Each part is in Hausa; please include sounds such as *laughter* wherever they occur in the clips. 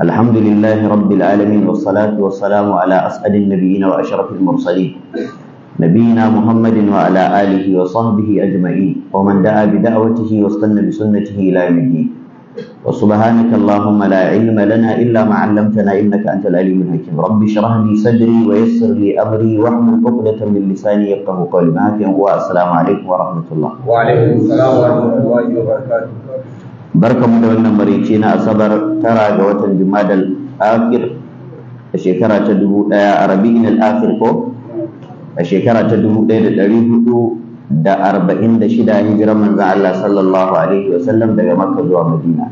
الحمد لله رب العالمين والصلاة والسلام على أسعد النبيين وأشرف المرسلين نبينا محمد وعلى آله وصحبه أجمعين ومن دعا بدعوته واستنى بسنته إلى يوم الدين وسبحانك اللهم لا علم لنا إلا ما علمتنا إنك أنت العليم الحكيم رب اشرح لي صدري ويسر لي أمري واحمل عقدة من لساني يفقه قولي معك والسلام عليكم ورحمة الله وعليكم السلام ورحمة الله وبركاته barkamu da wannan marici na asabar tara ga watan jumadal akir a shekara ta dubu ɗaya a rabi'in al'afir ko a shekara ta dubu ɗaya da ɗari hudu da arba'in da shida hijiran manzan Allah sallallahu alaihi wasallam daga makka zuwa madina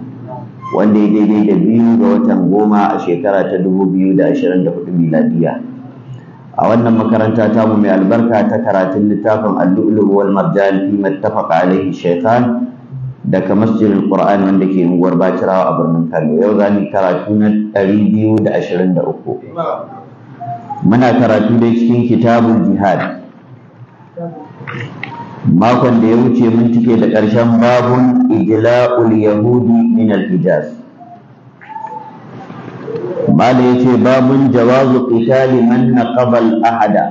wanda ya daidai da biyu ga watan goma a shekara ta dubu biyu da ashirin da hudu miladiya a wannan makaranta tamu mai albarka ta karatun littafin allu'ulu wal marjan fi mattafaqa alaihi shaitan daga masjidin Qur'an wanda ke unguwar Bacirawa a birnin Kano yau za yi karatu na 223 muna karatu da cikin kitabul jihad makon da ya wuce mun cike da ƙarshen babun ijla'ul yahudi min al-hijaz mala ce babun jawazu qitali man naqaba al-ahada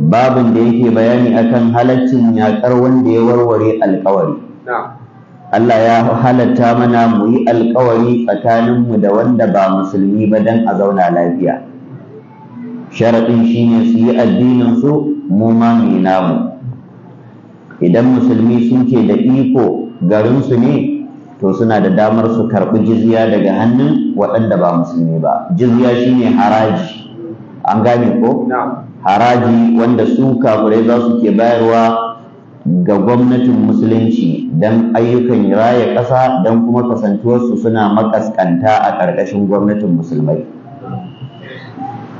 babun da yake bayani akan halaccin yakar wanda ya warware alƙawari Allah ya halatta mana mu yi alkawari tsakaninmu da wanda ba musulmi ba don a zauna lafiya. Sharaɗin shi ne su yi addininsu mu ma mu namu. Idan musulmi sun ke da iko garinsu ne, to suna da damar su karɓi jizya daga hannun waɗanda ba musulmi ba. Jizya shi ne haraji, an gane ko? Haraji wanda su kafirai za su ke bayarwa ga gwamnatin musulunci don ayyukan raya ƙasa don kuma kasantuwarsu suna makaskanta a ƙarƙashin gwamnatin musulmai.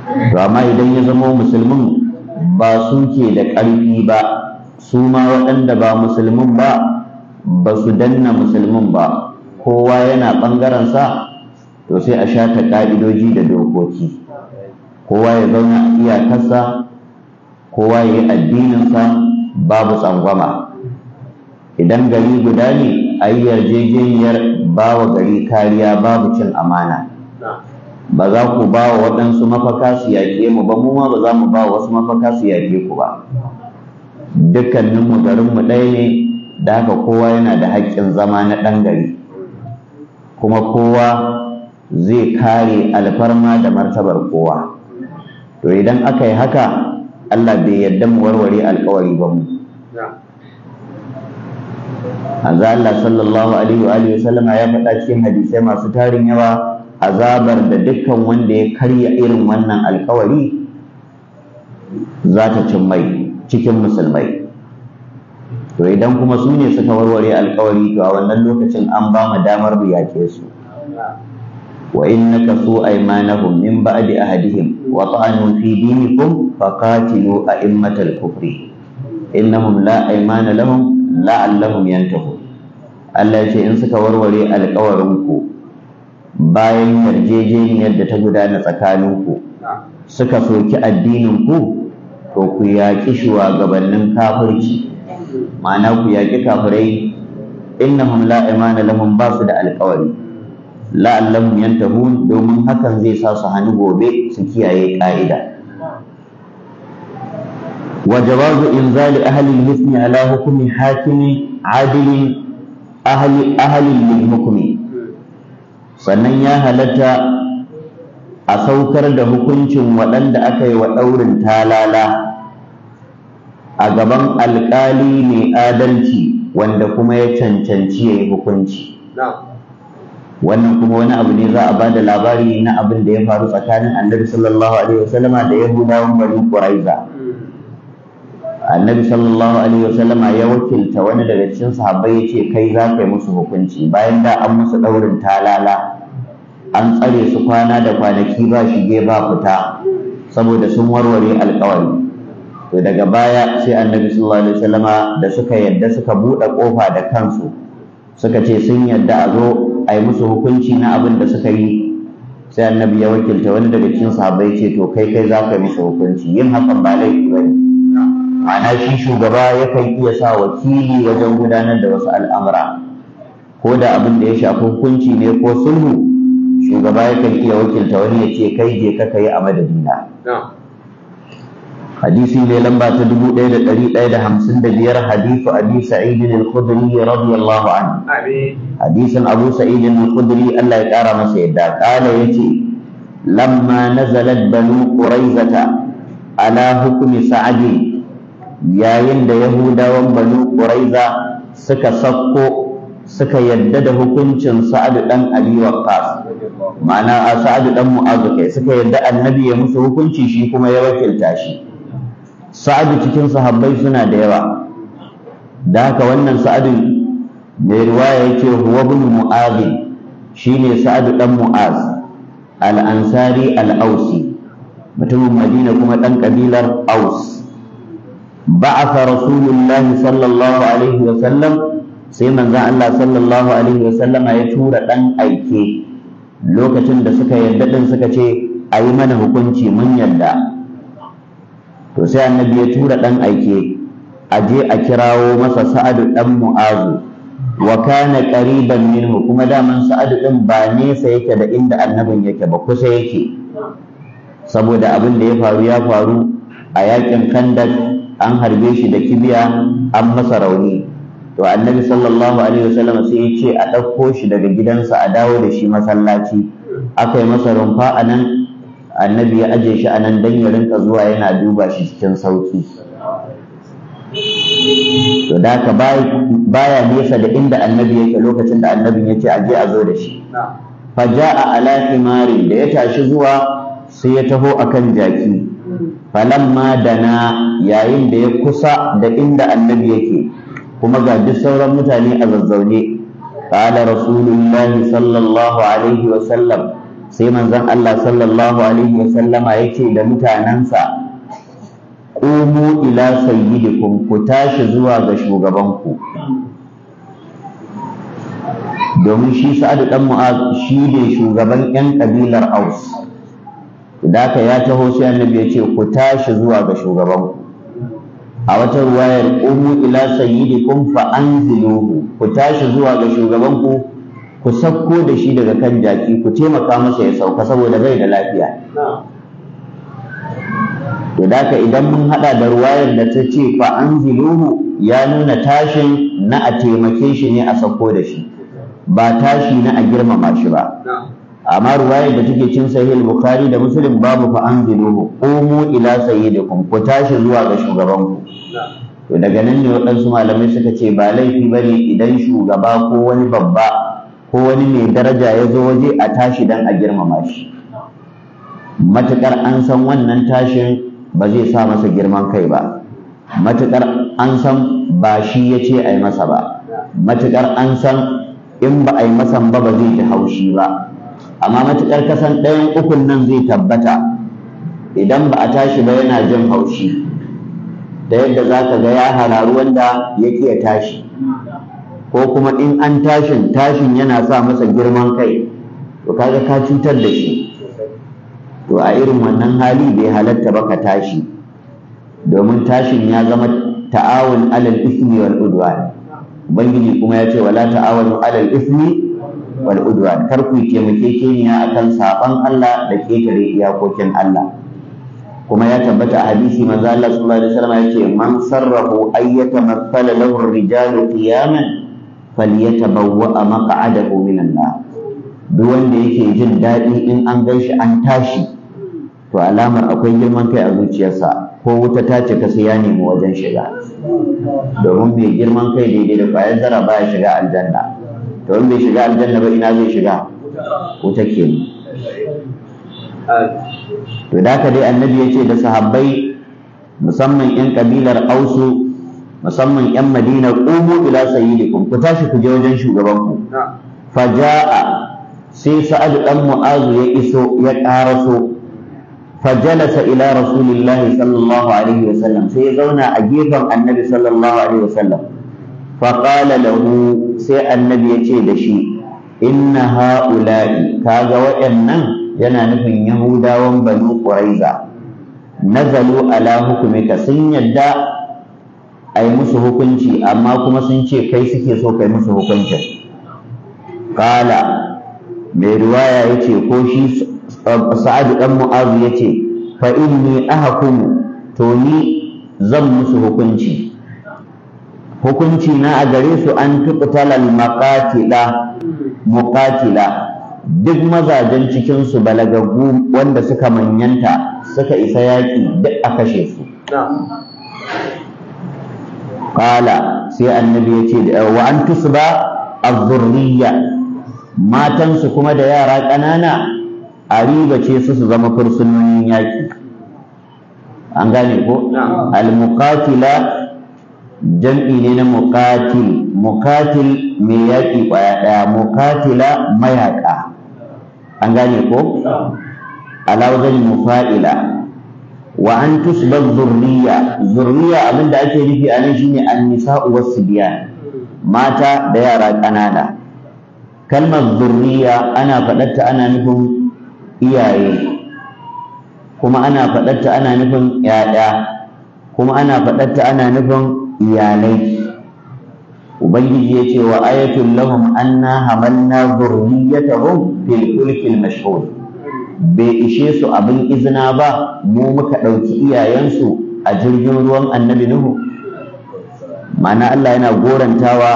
rama amma idan ya zama musulmin ba su ke da ƙarfi ba, su ma waɗanda ba musulmin ba, ba su danna musulmin ba, kowa yana ɓangarensa to sai a shata ƙa'idoji da dokoki. Kowa ya zauna a iyakarsa, kowa ya yi addininsa, babu tsangwama idan gari guda ne a yi yarjejeniyar ba gari kariya babu cin amana ba za ku ba wa waɗansu mafaka su yaƙe mu ba mu ma ba za mu ba wasu mafaka su yaƙe ku ba dukkaninmu garinmu ɗaya ne da haka kowa yana da haƙƙin zama na ɗan gari kuma kowa zai kare alfarma da martabar kowa to idan aka yi haka Allah bai yarda mu warware alƙawari ba mu Azza Allah sallallahu alaihi wa sallama ya faɗa cikin hadisai masu tarin yawa azabar da dukkan wanda ya karya irin wannan alƙawari za ta cin mai, cikin musulmai to idan kuma su ne suka warware alƙawari to a wannan lokacin an ba mu damar mu yake su وإن نكثوا أيمانهم من بعد أهدهم وطعنوا في دينكم فقاتلوا أئمة الكفر إنهم لا أيمان لهم لعلهم ينتهون Allah ya ce in suka warware alkawarinku bayan yarjejeniyar da ta gudana tsakaninku suka soki addininku to ku yaƙi shugabannin kafirci ma'ana ku yaƙi kafirai innahum la imana lahum ba su da alkawari la'allahum yantahun domin hakan zai sa su hannu gobe su kiyaye ka'ida wa jawazu inzali ahli al-hukmi ala hukumi hakimi adilin ahli ahli hukmi sannan ya halatta a saukar da hukuncin waɗanda aka yi wa ɗaurin talala a gaban alƙali mai adalci wanda kuma ya cancanci ya yi hukunci. wannan kuma wani abu ne za a bada labari na abin da ya faru tsakanin annabi sallallahu alaihi wasallama da yahudawan bani quraiza annabi sallallahu alaihi wasallama ya wakilta wani daga cikin sahabbai ya ce kai za ka yi musu hukunci bayan da an musu ɗaurin talala an tsare su kwana da kwanaki ba shige ba fita saboda sun warware alkawari to daga baya sai annabi sallallahu alaihi wasallama da suka yadda suka buɗe ƙofa da kansu suka ce sun yadda a zo a yi musu hukunci na abin da suka yi sai annabi ya wakilta wani daga cikin sahabbai ce to kai kai za ka yi musu hukunci yin hakan ba laifi ba ne ma'ana shi shugaba yakan iya sa wakili wajen gudanar da wasu al'amura ko da abin da ya shafi hukunci ne ko sulhu shugaba yakan iya wakilta wani ya ce kai je ka yi a madadina حديثي ليلما تدبو ليلة قريب ليلة حمسن دبير حديث أبي سعيد الخدري رضي الله عنه حديث أبو سعيد الخدري الله يكار مسيدا قال يتي لما نزلت بنو قريزة على حكم سعد يا يند يهودا بنو قريزة سكا سكو suka يدد حكم شن سعد dan أبي وقاس معنى سعد أم dan mu'azu يدد النبي yadda annabi ya musu hukunci shi sa'adu cikin sahabbai suna da yawa da haka wannan Sa'adu mai riwaya yake huwa ibn mu'az shine sa'adu Ɗan mu'az al-ansari al-ausi mutumin madina kuma ɗan kabilar aus ba'atha rasulullahi sallallahu alaihi wa sallam sai manzon Allah sallallahu alaihi wa sallama ya tura dan aike lokacin da suka yarda ɗin suka ce ayi mana hukunci mun yarda to sai annabi ya tura dan aike a je a kirawo masa sa'adu dan mu'azu wa kana qariban minhu kuma daman sa'adu din ba nesa yake da inda annabin yake ba kusa yake saboda abin da ya faru ya faru a yakin kandak an harbe shi da kibiya an masa rauni to annabi sallallahu alaihi wasallam sai ya ce a ɗauko shi daga gidansa a dawo da shi masallaci aka masa rumfa a nan annabi ya aje shi a nan don ya rinka zuwa yana duba shi cikin sauki to da baya nesa da inda annabi yake lokacin da annabi ya ce aje a zo da shi Fa ja'a ala himari da ya tashi zuwa sai ya taho akan jaki falamma dana yayin da ya kusa da inda annabi yake kuma ga duk sauran mutane a zazzaune qala rasulullahi sallallahu alaihi wa sallam sai manzon Allah sallallahu alaihi wasallama yake da mutanansa qumu ila sayyidikum ku tashi zuwa ga shugabanku domin shi sa'adu dan mu'az shi ne shugaban yan kabilar aus da ka ya taho sai annabi ya ce ku tashi zuwa ga shugabanku a wata ruwayar qumu ila sayyidikum fa anziluhu ku tashi zuwa ga shugabanku ku sauko da shi daga kan jaki ku taimaka masa ya sauka saboda bai da lafiya to daka idan mun hada da ruwayar da ta ce fa anziluhu ya nuna tashin na a taimake shi ne a sauko da shi ba tashi na a girmama shi ba amma ruwayar da take cin sahih bukhari da muslim babu fa anziluhu qumu ila sayyidikum ku tashi zuwa ga shugaban ku. to daga nan ne waɗansu malamai suka ce ba laifi bane idan shugaba ko wani babba ko wani mai daraja ya zo waje a tashi don a girmama shi Matukar an san wannan tashin ba zai sa masa girman kai ba matuƙar an san ba shi ya ce a yi masa ba matuƙar an san in ba a yi masa ba ba zai ji haushi ba amma matuƙar kasan ɗayan ukun nan zai tabbata idan ba a tashi ba yana jin haushi da yadda za ka ga ya hararu wanda ya ya tashi ko kuma in an tashin tashin yana sa masa girman kai to kaga ka cutar da shi to a irin wannan hali bai halatta ba ka tashi domin tashin ya zama ta'awun alal ismi wal udwan ubangiji kuma ya ce wala ta'awun alal ismi wal udwan kar ku taimakekeniya akan saban Allah da ketare iyakokin Allah kuma ya tabbata a hadisi manzo Allah sallallahu alaihi wasallam ya man sarrahu ayyata mathala lahu rijalu qiyaman maka maq'adahu minan nar duk wanda yake jin daɗi in an gan shi an tashi to alamar akwai girman kai a zuciyarsa ko wuta ta ce sai ya nemi wajen shiga domin mai girman kai daidai da kwayar zara baya shiga aljanna to in bai shiga aljanna ba ina zai shiga wuta ke to da dai annabi ya ce da sahabbai musamman 'yan kabilar ausu musamman yan madina qumu ila sayyidikum ku tashi ku je wajen shugaban ku faja'a sai sa'ad dan mu'azu ya iso ya karaso fajalasa ila rasulillahi sallallahu alaihi sallam sai ya zauna a gefen annabi sallallahu alaihi wasallam faƙala lahu sai annabi ya ce da shi inna ha'ula'i kaga waɗannan yana nufin yahudawan banu ƙuraiza nazalu ala hukumika sun yadda a yi musu hukunci amma kuma sun ce kai suke so kai musu hukuncin kala mai riwaya ya ce ko shi sa'adu ɗan mu'azu ya ce fa inni ahakumu to ni zan musu hukunci hukunci na a gare su an tuqtalal makatila muqatila duk mazajen cikin su balagaggu wanda suka manyanta suka isa yaƙi duk a kashe su qala sai annabi ya ce wa an tusba az-zurriya matan su kuma da yara ƙanana a ribace su su zama fursunonin yaki an gane ko al-muqatila jam'i ne na muqatil muqatil mai yaki kwaya daya muqatila mayaka an gane ko ala wajen mufa'ila wa an tusba zurriya zurriya abinda ake nufi a nan shine an-nisa'u was mata da yara ƙanana kalmar zurriya ana fadatta ana nufin iyaye kuma ana fadatta ana nufin ƴaƴa kuma ana faɗarta ana nufin iyalai ubangiji ya ce wa ayatul lahum anna hamalna zurriyatahum fil fulkil mashhur bai ishe su abin izina ba mu muka ɗauki iyayensu a jirgin ruwan annabi nuhu ma'ana Allah yana gorantawa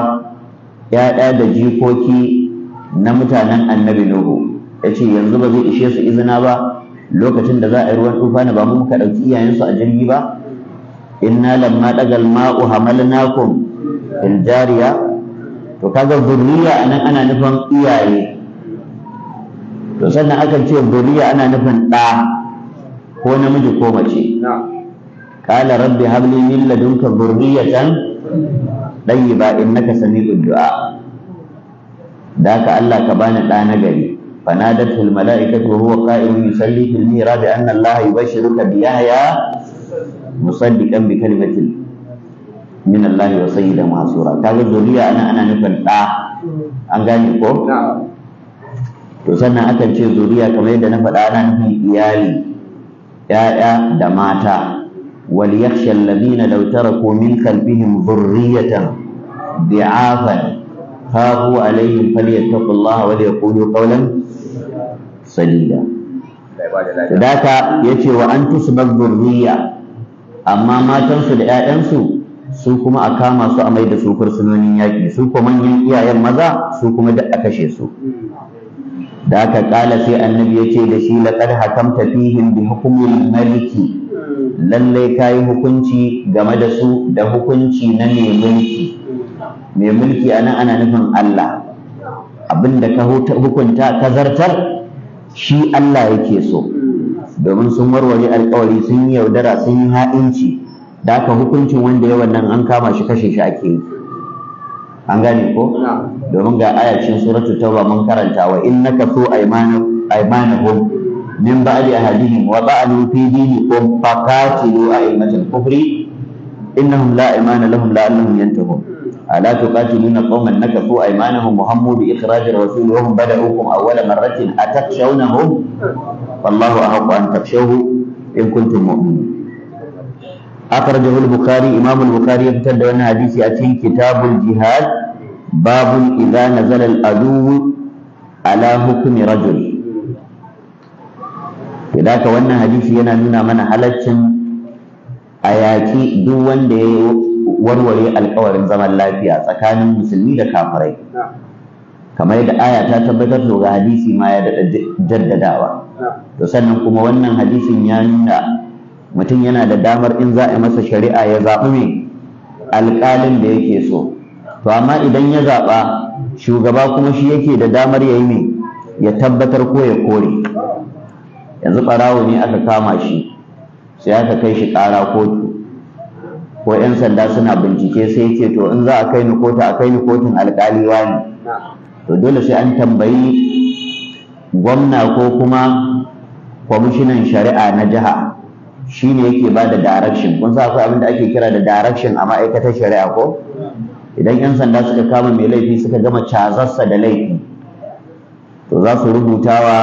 ‘ya'ya da jikoki na mutanen annabi nuhu ya ce yanzu ba zai ishe su izina ba lokacin da za a yi ruwan tufana ba mu muka ɗauki iyayensu a jirgi ba inna lamma ɗagal ma'u hamalnakum in jariya to kaga zurriya anan ana nufin iyaye to sannan akan ce zuriya ana nufin ɗa ko namiji ko mace Kala rabbi habli min ladunka ba in innaka sami'ud du'a da ka Allah ka bani ɗa na gari فنادته الملائكة وهو قائم يصلي في الميراد أن الله يبشرك بيحيى مصدقا بكلمة من الله وسيدا وحصورا كاغا ذرية أنا أنا نفن تا أن نعم to sannan akan ce zuriya kamar yadda na faɗa ana nufin iyali ‘ya'ya da mata wal yakhsha alladhina law taraku min khalfihim dhurriyatan di'afan khafu alaihim falyattaqullaha wa yaqulu qawlan sadida sadaka yace wa an tusbab dhurriya amma matansu da ‘ya'yansu su kuma a kama su a mai da su fursunonin yaƙi su kuma manyan iyayen maza su kuma duk a kashe su da aka kala sai annabi ya ce da shi laqad hakamta fihim bi hukmil maliki lallai kayi hukunci game da su da hukunci na mai mulki mai mulki anan ana nufin Allah abinda ka hukunta ka zartar shi Allah yake so domin sun warware alkawari sun yi yaudara sun yi ha'inci da aka hukuncin wanda ya wannan an kama shi kashe shi ake yi an gane ko domin ga ayacin suratul tauba mun karanta wa innaka su aymanu aymanahum min ba'di ahadihim wa ba'alu fi dinikum faqatilu a'immatal kufri innahum la aymana lahum a yantahun ألا تقاتلون قوما نكثوا أيمانهم وهموا بإخراج الرسول وهم بدأوكم أول مرة أتخشونهم فالله أحق أن تخشوه إن كنتم مؤمنين أخرجه البخاري إمام البخاري ابتدى وانا حديثي أتين كتاب الجهاد باب إذا نزل الأدو على حكم رجل كذلك وانا حديثي أنا نونا من حلتشن أياكي دوان دي warware alkawarin zaman lafiya tsakanin musulmi da kafirai kamar da aya ta tabbatar to ga hadisi ma ya daɗa jaddadawa to sannan kuma wannan hadisin ya nuna mutum yana da damar in za a masa shari'a ya zaɓi mai alƙalin da yake so to amma idan ya zaɓa shugaba kuma shi yake da damar ya yi mai ya tabbatar ko ya kore yanzu ɓarawo ne aka kama shi sai aka kai shi ƙara kotu ko 'yan sanda suna bincike sai yake to in za a kai ni kotu a kai ni kotun alƙali wani to dole sai an tambayi gwamna ko kuma kwamishinan shari'a na jiha shi ne yake ba da direction kun sa akwai abin da ake kira da direction a ma'aikatar shari'a ko idan 'yan sanda suka kama mai laifi suka gama cazarsa da laifi to za su rubuta wa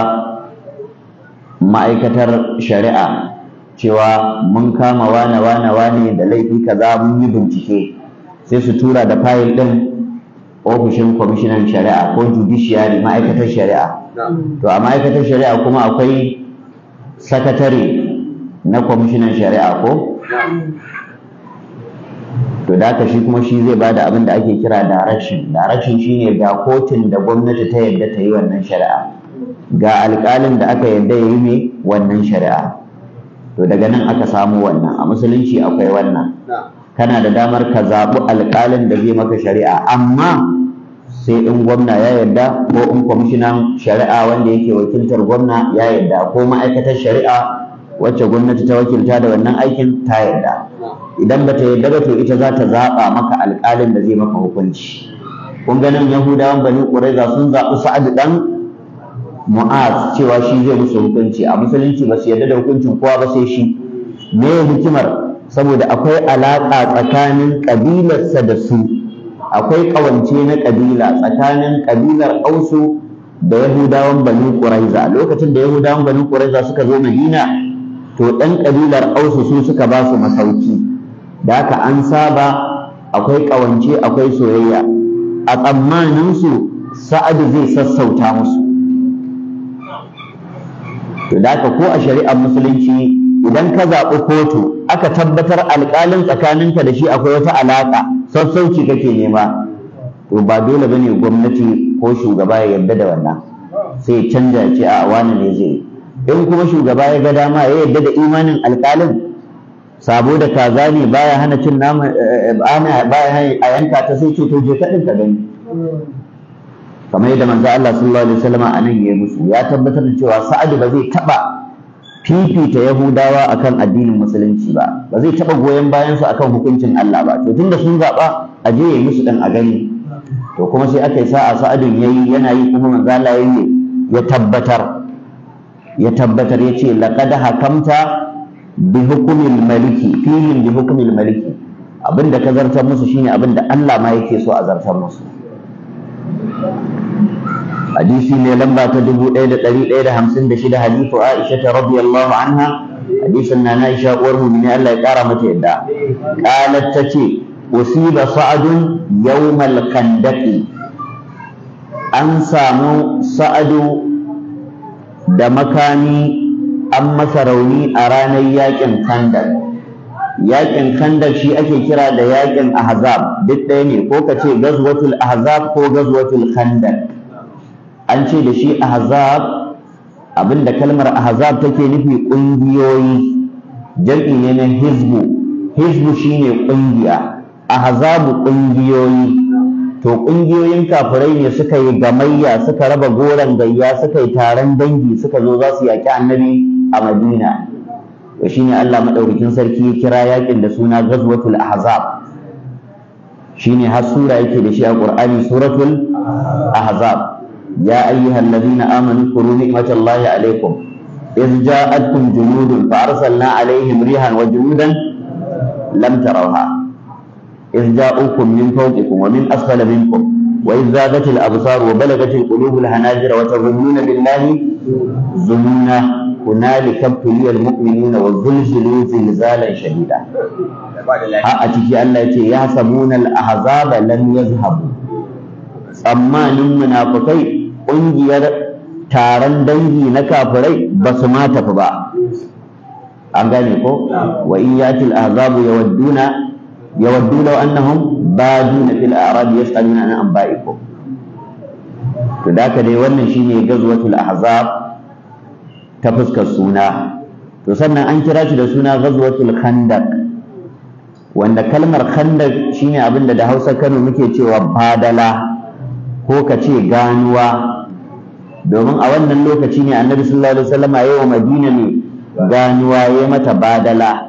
ma'aikatar shari'a cewa mun kama wane wane wane da laifi kaza mun yi bincike sai su tura da fayil ɗin ofishin kwamishinan shari'a ko judiciary ma'aikatar shari'a to a ma'aikatar shari'a kuma akwai sakatare na kwamishinan shari'a ko to da shi kuma shi zai bada abin da ake kira direction direction ne ga kotun da gwamnati ta yarda ta yi wannan shari'a ga alƙalin da aka yarda ya yi ne wannan shari'a to daga nan aka samu wannan a musulunci akwai wannan kana da damar ka zaɓi alƙalin da zai maka shari'a amma sai in gwamna ya yarda ko in kwamishinan shari'a wanda yake wakiltar gwamna ya yarda ko ma'aikatar shari'a wacce gwamnati ta wakilta da wannan aikin ta yarda idan ba ta yarda ba to ita za ta zaɓa maka alƙalin da zai maka hukunci kun ganin yahudawan bani ƙuraiza sun zaɓi sa'ad Ɗan mu'az cewa shi zai musu hukunci a musulunci ba su yarda da hukuncin kowa ba sai shi me hikimar saboda akwai alaƙa tsakanin ƙabilarsa da su akwai ƙawance na ƙabila tsakanin ƙabilar ausu da yahudawan bani ƙuraiza lokacin da yahudawan bani ƙuraiza suka zo madina to ɗan ƙabilar ausu su suka ba su masauki da haka an saba akwai ƙawance akwai soyayya a tsammaninsu sa'adu zai sassauta musu to da haka ko a shari'ar musulunci idan ka zaɓi kotu aka tabbatar alƙalin tsakaninka da shi akwai wata alaƙa sassauci kake nema to ba dole ba ne gwamnati ko shugaba ya yarda da wannan sai canja ce a wani ne zai in kuma shugaba ya ga dama ya yarda da imanin alƙalin sabo da kaza ne baya hana cin nama eh, eh, baya a yanka ta sai cutar je kaɗin ka gani kamar yadda manzo Allah sallallahu alaihi wasallam a nan ya musu ya tabbatar da cewa Sa'adu ba zai taba fifita Yahudawa akan addinin musulunci ba ba zai taba goyon bayan su akan hukuncin Allah ba to tunda sun zaba a je ya musu dan a gani to kuma sai aka yi sa'a Sa'adun yayi yana yi kuma manzo Allah ya tabbatar ya tabbatar ya ce laqad hakamta bi hukumil maliki fihim bi hukumil maliki abinda ka zartar musu shine abinda Allah ma yake so a zartar musu hadisi ne lamba ta ɗaya ɗari 1156 hadithu Aisha radiyallahu anha hadisin na Aisha uwar mu'mini Allah ya kara mata yadda ta ce usiba sa'adun yawmal kandaqi an samu sa'adu da makami an masa rauni a ranar yakin kandar yakin kandar shi ake kira da yakin ahzab duk ɗaya ne ko ka ce gazwatul ahzab ko gazwatul kandar an ce da shi ahzab abinda kalmar ahzab take nufi ƙungiyoyi jam'i ne na hizbu hizbu shine ƙungiya ahzabu ƙungiyoyi to ƙungiyoyin kafirai ne suka yi gamayya suka raba goron gayya suka yi taron dangi suka zo za su yaƙi annabi a madina to shine Allah madaukakin sarki ya kira yaƙin da suna ghazwatul ahzab shine har sura yake da shi a qur'ani suratul ahzab ya ayyuhal ladina amanu kuru ni'matallahi alaikum إذ جاءتكم جنود فأرسلنا عليهم ريحا وجنودا لم تروها إذ جاءوكم من فوقكم ومن أسفل منكم وإذ ذاقت الأبصار وبلغت القلوب الحناجر وتظنون بالله ظنونا هنالك ابتلي المؤمنون وزلزلوا زلزالا شديدا a ciki Allah ya ce ya sabuna al-ahzaba lam yazhabu tsammanin munafukai ƙungiyar taron dangi na kafirai ba su ma tafi ba an gane ko wa in yatil ahzabu yawadduna يودوا لو انهم بادون في الاعراب yas'aluna an anba'ikum to da wannan shine gazwatul ahzab ta fuska suna to sannan an kira shi da suna gazwatul khandaq wanda kalmar khandaq shine abin da da Hausa Kano muke cewa badala ko ka ce ganuwa domin a wannan lokaci ne annabi sallallahu alaihi wasallam ya wa madina ne ganuwa ya mata badala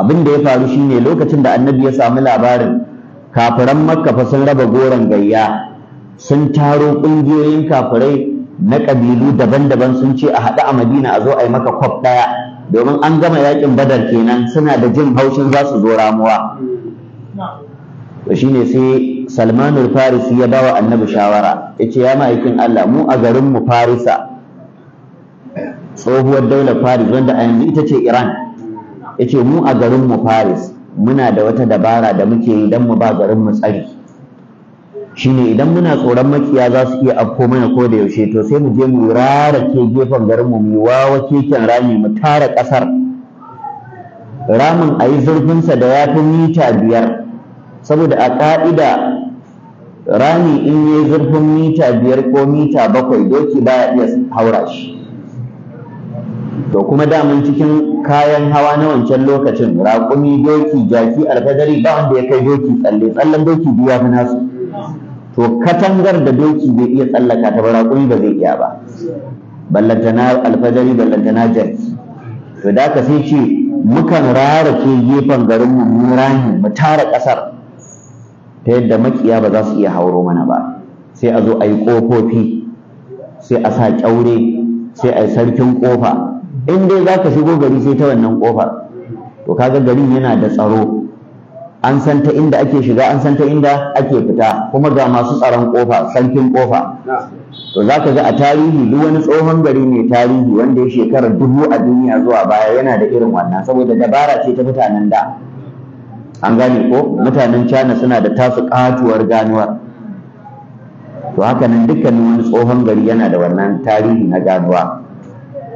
abin da ya faru shine lokacin da annabi ya samu labarin kafiran makka fa sun raba goron gayya sun taro ƙungiyoyin kafirai na ƙabilu daban-daban sun ce a haɗu a madina a zo a yi maka kwaf ɗaya domin an gama yakin badar kenan suna da jin haushin za su zo ramuwa to shine sai salmanul farisi ya bawa annabi shawara ya ce ya ma'aikin allah mu a garinmu farisa tsohuwar daular faris wanda a yanzu ita ce iran yace mu a garin mu Paris muna da wata dabara da muke yi dan mu ba garin mu tsari shine idan muna tsoron makiya za su iya afko mana ko da yaushe to sai mu je mu ke gefen garin mu mu wawa keken rami mu tara kasar ramin ayi zurfinsa da ya fi mita biyar saboda a ka'ida rami in yi zurfin mita biyar ko mita bakwai doki baya iya haura shi to kuma daman cikin kayan hawa na wancan lokacin raƙumi doki jaki alfadari ba wanda ya kai doki tsalle tsallen doki biya fi nasu to katangar da doki zai iya tsallaka ta ba raƙumi ba zai iya ba ballantana alfadari na jaki to da ka sai ce mukan rara ke gefen garin mu rani mu tara ƙasar ta yadda makiya ba za su iya hauro mana ba sai a zo a yi ƙofofi sai a sa ƙyaure sai a yi sarkin ƙofa in dai za ka shigo gari sai ta wannan ƙofar to kaga garin yana da tsaro an san ta inda ake shiga an san ta inda ake fita kuma ga masu tsaron ƙofa sankin ƙofa to za ka ga a tarihi duk wani tsohon gari mai tarihi wanda ya shekara dubu a duniya zuwa baya yana da irin wannan saboda dabara ce ta mutanen da an gane ko mutanen Cana suna da tasu katuwar ganuwar to haka nan dukkanin wani tsohon gari yana da wannan tarihi na ganuwa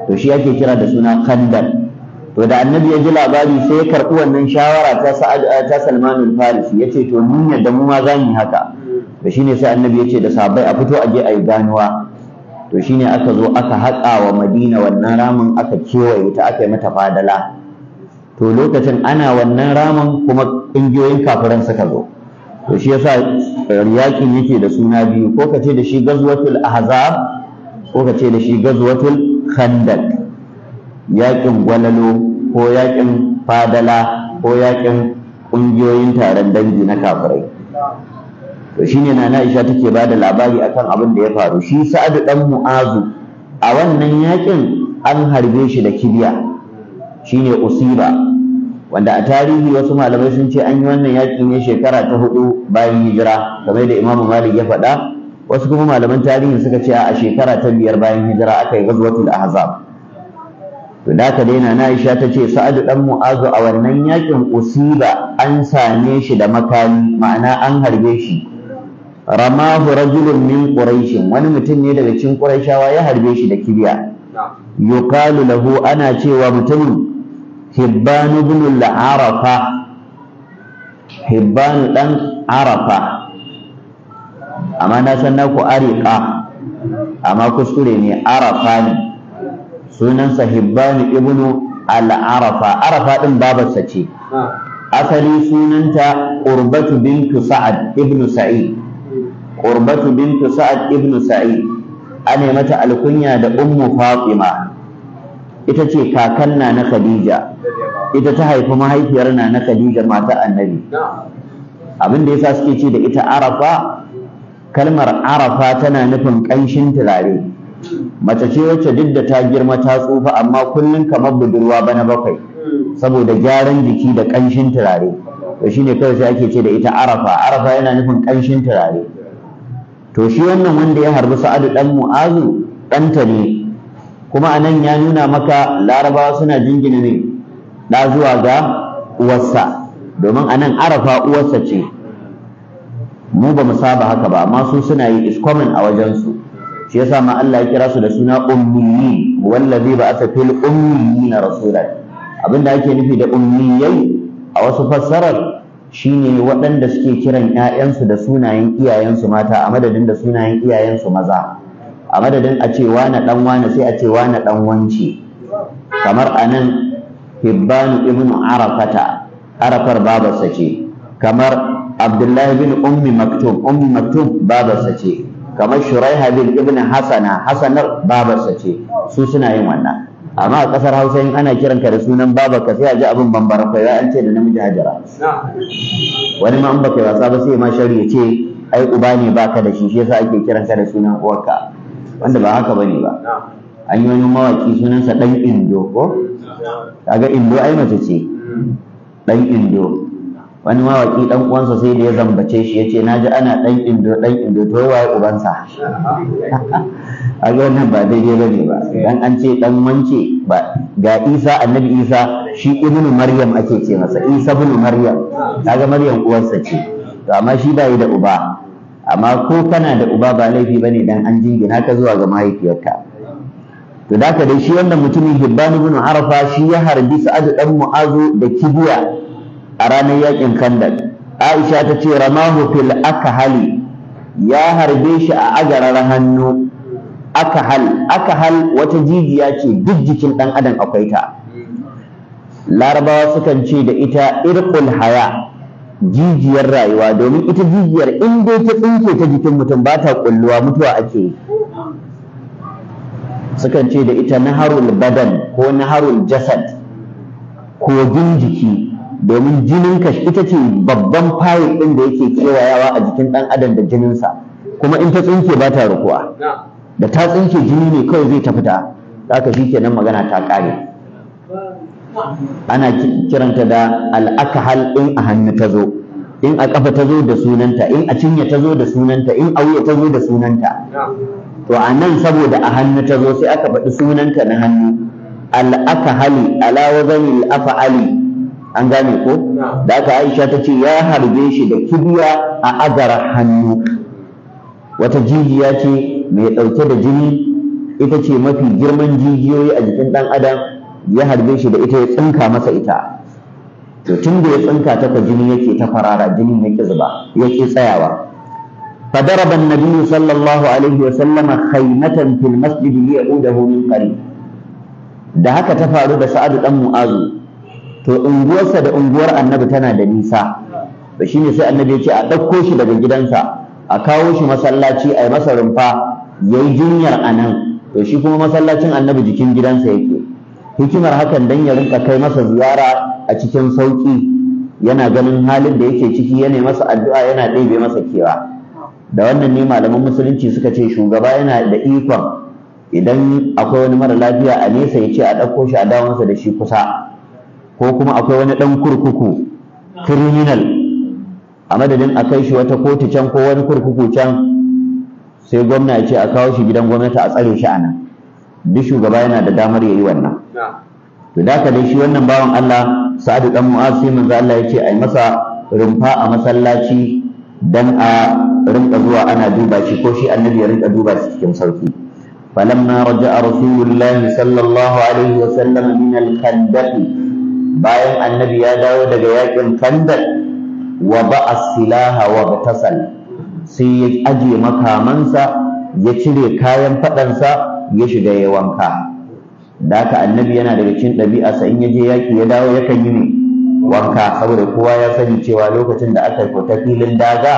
to shi ake kira da suna kandal to da annabi ya ji labari sai ya karɓi wannan shawara ta eh, ta salmanul al-Farisi yace to mun yadda mu ma zamu haka to shine sai annabi yace da sahabbai a fito a je ayi ganuwa to shine aka zo aka haƙa wa Madina wannan ramin aka kewaye ta aka yi mata fadala to lokacin ana wannan ramin kuma ƙungiyoyin kafiran suka zo to shi yasa yakin yake da suna biyu ko ce da shi gazwatul ahzab ko ce da shi gazwatul kandak yaƙin gwalalo ko yaƙin fadala ko yaƙin ƙungiyoyin taron dangi na kafirai to shine nana Aisha take ba da labari akan abin da ya faru shi Sa'adu dan Mu'azu a wannan yaƙin an harbe shi da kibiya shine usiba wanda a tarihi wasu malamai sun ce an yi wannan yaƙi ne shekara ta hudu bayan hijira kamar da Imam Malik ya faɗa wasu kuma malaman tarihi suka ce a shekara ta biyar bayan hijira aka yi ghazwatul ahzab to da ka daina na Aisha ta ce Sa'adu dan Mu'azu a wannan yakin usiba an same shi da makami ma'ana an harbe shi ramahu rajulun min quraish wani mutum ne daga cikin quraishawa ya harbe shi da kibiya yuqalu lahu ana cewa mutumin hibban ibn al-arafa hibban dan arafa amma na san naku ariqa amma kuskure ne arafa ne sunansa ibnu al-arafa arafa din babarsa ce ah. asali sunanta qurbatu bintu sa'ad ibnu sa'id qurbatu bintu sa'ad ibnu sa'id ane mata alkunya da ummu fatima ita ce kakan na na khadija ita ta haifi mahaifiyar na na khadija mata annabi abin da yasa suke ce da ita arafa kalmar arafa tana nufin ƙanshin turare mace ce wacce duk da ta girma ta tsufa amma kullum kamar budurwa bana bakwai saboda gyaran jiki da ƙanshin turare to shine kawai sai ake ce da ita arafa arafa yana nufin ƙanshin turare to shi wannan wanda ya harbi sa'adu dan mu'azu ɗanta ne kuma a nan ya nuna maka larabawa suna jingina ne da zuwa ga uwarsa domin a nan arafa uwarsa ce mu ba mu saba haka ba amma su suna yi is common a wajensu shi yasa ma Allah ya kira su da suna ummiyi wallazi ba aka fil na Abin abinda ake nufi da ummiyai a wasu fassarar shine waɗanda suke kiran ƴaƴansu da sunayen iyayensu mata a madadin da sunayen iyayensu maza a madadin a ce wani dan wani sai a ce wani dan wance kamar anan hibbanu ibnu arafata, arafar babarsa ce kamar abdullahi bin ummi maktum ummi maktum babarsa ce kamar shuraiha bin ibn hasana Hassanar babarsa ce su suna yin wannan amma a ƙasar hausa in ana kiran ka da sunan ka sai a ji abin bambara kai an ce da namiji hajara wani ma baka wasa ba sai ma shari ya ce ai uba ne baka da shi shi yasa ake kiran ka da sunan uwarka wanda ba haka bane ba an yi wani mawaki sunansa dan indo ko kaga indo ai mace ce dan mm. indo wani mawaki dan uwansa sai da ya zambace shi yace naji ana dan indo dan indo to waye ubansa a *laughs* ga wannan ba daidai bane ba dan an ce dan wance ba ga Isa annabi Isa shi ibnu Maryam ake ce masa Isa ibn Maryam kaga Maryam uwarsa ce to amma shi yi da uba amma ko kana da uba ba laifi bane dan an jingina ka zuwa ga mahaifiyarka to da dai shi wannan mutumin Hibban ibn Arafa shi ya harbi Sa'ad dan Mu'azu da kibiya a ranar yakin kandal aisha ta ce ramahu fil akahali ya harbe shi a agarar hannu akahal akahal wata jijiya ce duk jikin dan adam akwai ta larabawa sukan ce da ita irqul haya jijiyar rayuwa domin ita jijiyar in ta tsinke ta jikin mutum ba ta kulluwa mutuwa ake sukan ce da ita naharul badan ko naharul jasad kogin jiki domin jinin ka ita ce babban fayil ɗin da yake kewayawa a jikin ɗan adam da jininsa kuma in ta tsinke ba ta rukuwa da ta tsinke jini ne kawai zai ta fita haka shi kenan magana ta ƙare ana kiranta da al'akahal in a hannu ta zo in a ƙafa ta zo da sunanta in a cinye ta zo da sunanta in a wuya ta zo da sunanta to a nan saboda a hannu ta zo sai aka faɗi sunanta na hannu al'akahali ala wazani al'afa'ali an gane ko da aka aisha ta ce ya harbe shi da kibiya a agara hannu wata jijiya ce mai ɗauke da jini ita ce mafi girman jijiyoyi a jikin ɗan adam ya harbe shi da ita ya tsinka masa ita to tun da ya tsinka ta jini yake ta farara jinin yake zuba yake tsayawa فضرب النبي صلى الله عليه وسلم خيمة في المسجد ليعوده من قريب da haka ta faru da sa'adu dan mu'azu to unguwarsa da unguwar annabi tana da nisa da ne sai annabi ya ce a ɗauko shi daga gidansa a kawo shi masallaci a yi masa rumfa ya yi jinyar a nan to shi kuma masallacin annabi jikin gidansa yake hikimar hakan dan ya rinka kai masa ziyara a cikin sauƙi yana ganin halin da yake ciki yana masa addu'a yana ɗebe masa kewa da wannan ne malaman musulunci suka ce shugaba yana da ikon idan akwai wani mara lafiya a nesa ya ce a ɗauko shi a dawo da shi kusa ko kuma akwai wani ɗan kurkuku criminal a madadin a kai shi wata kotu can ko wani kurkuku can sai gwamna ya ce a kawo shi gidan gwamnati a tsare shi a nan duk shugaba yana da damar ya yi wannan to da ka dai shi wannan bawan Allah Sa'adu dan Mu'az sai manzo Allah ya ce ai masa rumfa a masallaci dan a rinka zuwa ana duba shi ko shi annabi ya rinka duba shi cikin sauki falamma raja'a rasulullahi sallallahu alaihi wa sallam min al bayan annabi ya dawo daga yakin kandar wa ba'a silaha wa batasal sai ya aje makamansa ya cire kayan fadansa ya shiga ya wanka da haka annabi yana daga cikin sa in ya je yaki ya dawo yakan yi ne wanka saboda kowa ya sani cewa lokacin da aka fita filin daga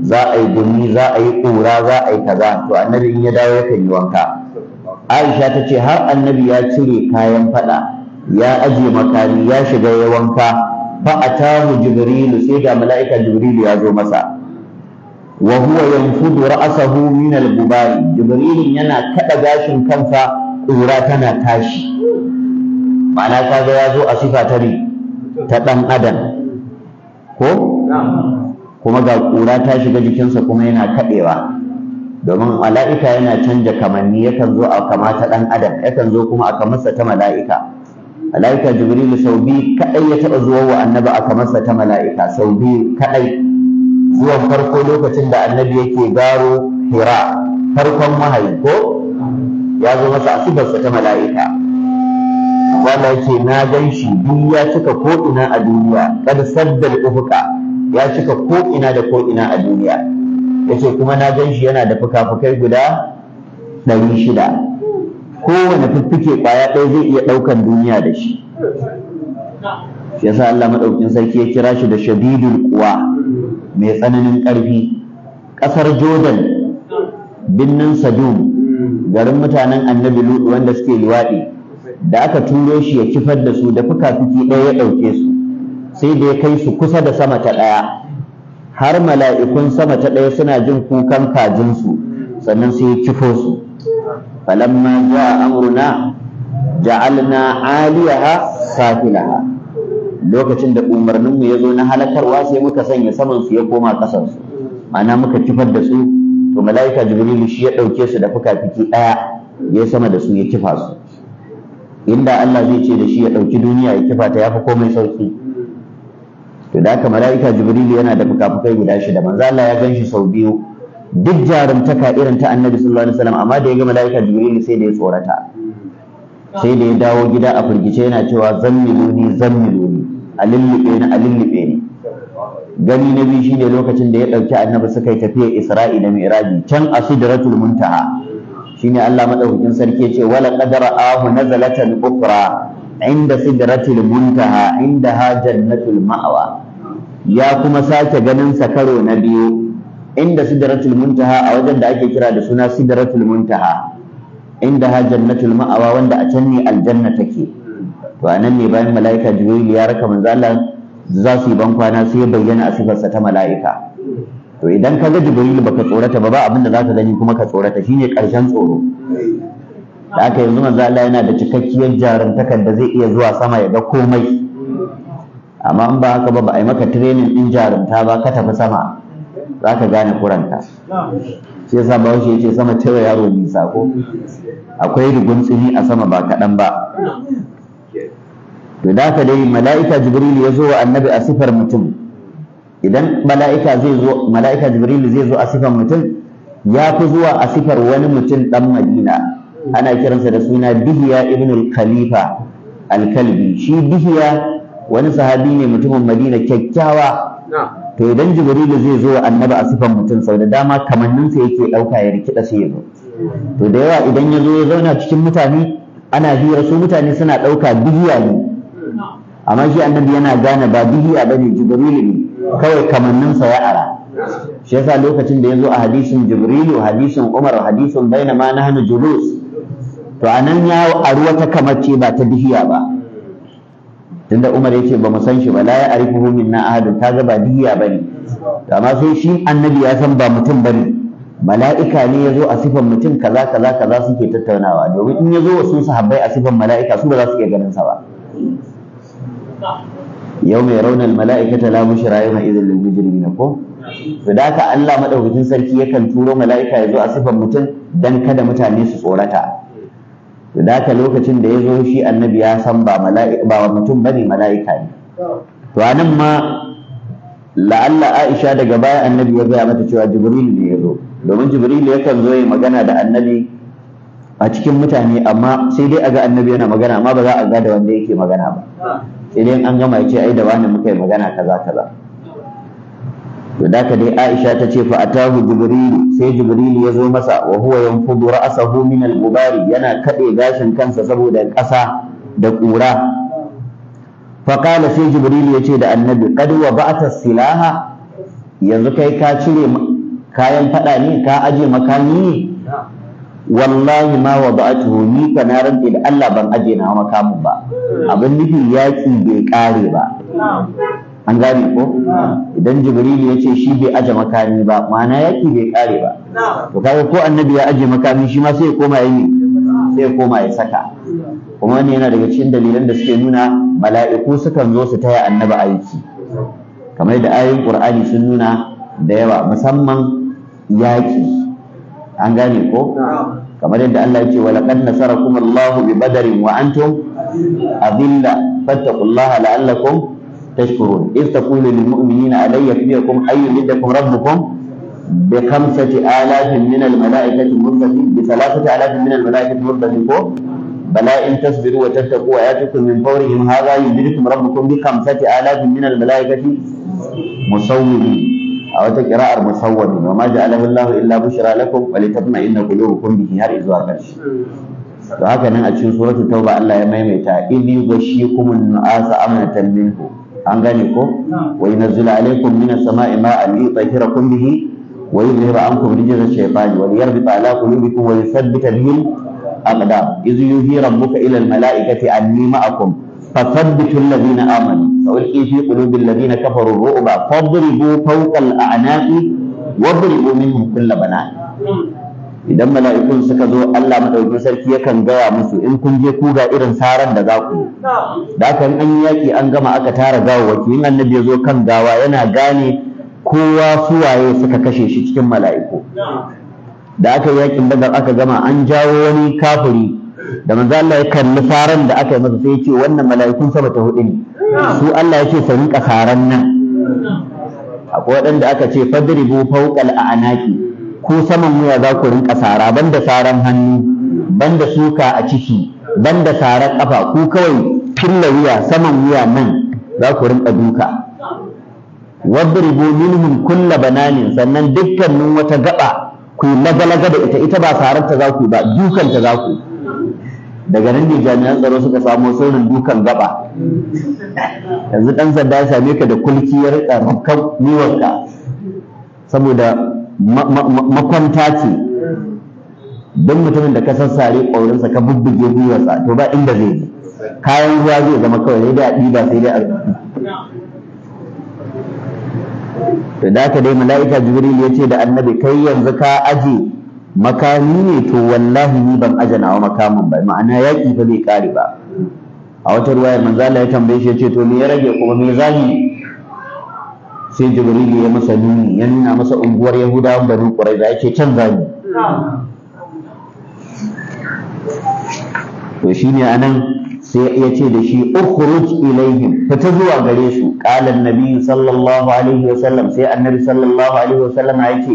za a yi gumi za a yi ƙura za a yi kaza to annabi in ya dawo yakan yi wanka Aisha ta ce har annabi ya cire kayan fada ya aje makami ya shiga ya wanka fa atahu jibrilu sai ga mala'ika jibrilu ya zo masa wa huwa yanfudu ra'sahu min al jibrilu yana kada gashin kansa kura tana tashi ma'ana kaga ya zo a sifa ta ne ta dan adam ko kuma ga kura ta shiga jikinsa kuma yana kaɗewa domin mala'ika yana canja kamanni yakan zo a kamata dan adam yakan zo kuma a kamarsa ta mala'ika malaika jibrilu sau biyu kadai ya taba zuwa wa annabi aka masa ta malaika sau biyu kadai zuwan farko lokacin da annabi yake garo hira farkon wahayi ko ya zo masa a sifarsa ta mala'ika wanda yake na gan shi duk ya cika ko'ina a duniya kad saddal ufuka ya cika ko ina da ko'ina a duniya yace kuma na gan shi yana da fuka-fukai guda ɗari shida kowane fiffike kwaya ɗaya zai iya ɗaukan duniya da shi shi yasa Allah madaukin sarki ya kira shi da shadidul kuwa mai tsananin ƙarfi ƙasar Jordan binnin Sadum garin mutanen Annabi Lut wanda suke liwaɗi da aka turo shi ya kifar da su da fuka-fuki ɗaya ya ɗauke su sai da ya kai su kusa da sama ta ɗaya har mala'ikun sama ta ɗaya suna jin kukan kajinsu sannan sai ya kifo su falamma jaa ja'al na 'aliyaha safilaha lokacin da umarninmu ya zo na halakarwa sai muka sanya saman su ya koma kasar su ma'ana muka kifar da su to malaika jibrilu shi ya ɗauke su da fuka-fiki ɗaya, ya sama da su ya kifa su inda Allah zai ce da shi ya ɗauki duniya ya kifa ta yafi komai sauki to da haka malaika jibrilu yana da fuka-fukai guda shida manzo Allah ya ganshi sau biyu duk jarumtaka irin ta annabi sallallahu alaihi wasallam amma da ya ga malaika jibrilu sai da ya tsorata sai da ya dawo gida a firgice yana cewa zammiluni zammiluni a lullube ni a ni gani na biyu shine lokacin da ya ɗauki annabi suka yi tafiya Isra'ila mi'raji can a sidratul muntaha shine Allah madaukakin sarki ya ce wala qadara ahu nazalatan ukra inda sidratul muntaha inda hajjatul ma'wa ya kuma sake ganin sa karo na biyu inda sidratul muntaha a wajen da ake kira da suna sidratul muntaha inda ha jannatul ma'awa wanda a can ne aljanna take to anan ne bayan mala'ika jibril ya raka manzo Allah za su yi bankwana sai ya bayyana a sifarsa ta mala'ika to idan ka ga jibril baka tsorata ba ba abin da zaka gani kuma ka tsorata shine karshen tsoro da yanzu manzo Allah yana da cikakkiyar jarumtakar da zai iya zuwa sama ya ga komai amma in ba haka ba ba a yi maka training din jarumta ba ka tafi sama za ka gane kuranta shi yasa ba ya ce sama tare yaro nisa sako. akwai rigun tsini a sama ba kaɗan ba to da ka dai mala'ika jibril ya zo wa annabi a sifar mutum idan mala'ika zai jibril zai zo a sifar mutum ya fi zuwa a sifar wani mutum ɗan madina ana kiransa da suna bihiya ibn al-khalifa al-kalbi shi bihiya wani sahabi ne mutumin madina kyakkyawa to idan jibrilu zai zo wa annabi a sifan mutum sau da dama kamanninsa yake ɗauka ya rikida sai ya to da yawa idan yazo ya zauna cikin mutane ana hira su mutane suna ɗauka bihiya ne amma shi annabi yana gane ba bihiya ba ne jibrilu ne kawai kamanninsa ya ara shi yasa lokacin da ya zo a hadisin jibrilu hadisin umar hadisin bainama nahnu julus to anan ya aru wata ce ba ta bihiya ba tunda Umar yace ba mu san shi ba la ya arifuhu minna ahadun kaga ba diya bane amma sai shi annabi ya san ba mutum bane mala'ika ne ya zo a sifan mutum kaza kaza kaza suke tattaunawa domin in ya zo wasu sahabbai a sifan mala'ika su ba za su iya ganin sa ba yau mai raunar mala'ika ta lamu shi rayu mai na ko to da ka Allah madaukakin sarki yakan turo mala'ika ya zo a sifan mutum dan kada mutane su tsorata da lokacin da ya zo shi annabi ya san ba ba mutum bane mala'ika ne to anan ma la'alla Aisha daga baya annabi ya gaya mata cewa Jibril ne ya zo domin Jibril yakan zo ya magana da annabi a cikin mutane amma sai dai a ga annabi yana magana amma ba za a ga da wanda yake magana ba sai dai an gama ya ce ai da wani muka yi magana kaza kaza to da ka dai Aisha ta ce fa atahu Jibril sai Jibril ya zo masa wa huwa yanfudu ra'sahu min al-gubari yana kade gashin kansa saboda ƙasa da ƙura fa kana sai Jibril ya ce da Annabi qad wa ba'ta silaha yanzu kai ka cire kayan fada ne ka aje makami ne wallahi ma wa ba'atuhu ni ka na da Allah ban aje na makamin ba abin nufin yaki bai kare ba an gane ko idan jibril ya ce shi bai aje makami ba ma'ana yaki bai kare ba to kaga ko annabi ya aje makami shi ma sai ya koma yi sai ya koma ya saka kuma wannan yana daga cikin dalilan da suke nuna mala'iku sukan zo su taya annabi aiki kamar da ayoyin qur'ani sun nuna da yawa musamman yaki an gane ko kamar yadda Allah ya ce wa laqad nasarakum Allahu bi badrin wa antum adilla fattaqullaha la'allakum تشكرون إذ تقول للمؤمنين ألن يكفيكم أن يمدكم ربكم بخمسة آلاف من الملائكة المرسلين بثلاثة آلاف من الملائكة المرسلين فوق بلى إن تصبروا وتتقوا ويأتكم من فورهم هذا يمدكم ربكم بخمسة آلاف من الملائكة مسومين أو تقراء مسوم وما جعله الله إلا بشرى لكم ولتطمئن قلوبكم به هر إذ وهكذا a cikin suratul tauba Allah ya maimaita idh yughashshikumun nu'asa amanatan minhu an gane ko wa yunzilu alaykum minas sama'i ma'an liyutahhirakum bihi wa yuzhiba ankum rijza shaytani wa liyarbita ala qulubikum wa yuthabbita bihi al-aqdam iz yuhi rabbuka ila al-mala'ikati anni ma'akum فثبتوا الذين امنوا فالقي في قلوب الذين كفروا الرعب فاضربوا فوق الاعناق واضربوا منهم كل بنان idan mala'ikun suka zo Allah madaukakin sarki yakan gaya musu in kun je ku ga irin saran da za ku da haka an yi yaki an gama aka tara gawawwaki in annabi ya zo kan gawa yana gane kowa su waye suka kashe shi cikin mala'iku da aka yi yakin badar aka gama an jawo wani kafiri da manzo Allah ya kalli saran da aka yi masa sai ya ce wannan mala'ikun saba ta hudu ne su Allah ya ce su rinka saran nan akwai waɗanda aka ce fadribu fawqal Anaki. ko saman wuya za ku rinka sara banda saran hannu banda suka a ciki banda saran kafa ko kawai filla wuya saman wuya nan za ku rinka duka wadribu minhum kulla bananin sannan dukkanin wata gaba ku yi da ita ita ba sararta za ku ba ta za ku daga nan ne jami'an tsaro suka samo saurin dukan gaba yanzu dan sanda ya same ka da kulkiyar rika rukan niwanka saboda makwanta ce don mutumin da ka sassare ƙaurinsa ka bubbuge gwiwarsa to ba inda zai je kayan ruwa zai zama kawai sai dai a ɗiba sai dai a to da ka dai mala'ika jibril ya ce da annabi kai yanzu ka aje makami ne to wallahi ni ban aje nawa makamin ba ma'ana yaƙi fa bai kare ba a wata ya manzala ya tambaye shi ya ce to me ya rage kuma me zani sai Jibril ya masa nuni ya nuna masa unguwar yahudawan bari kurai da yake can zani to anan sai ya ce da shi ukhruj ilaihim fita zuwa gare su qala annabi sallallahu alaihi wasallam sai annabi sallallahu alaihi wasallam yake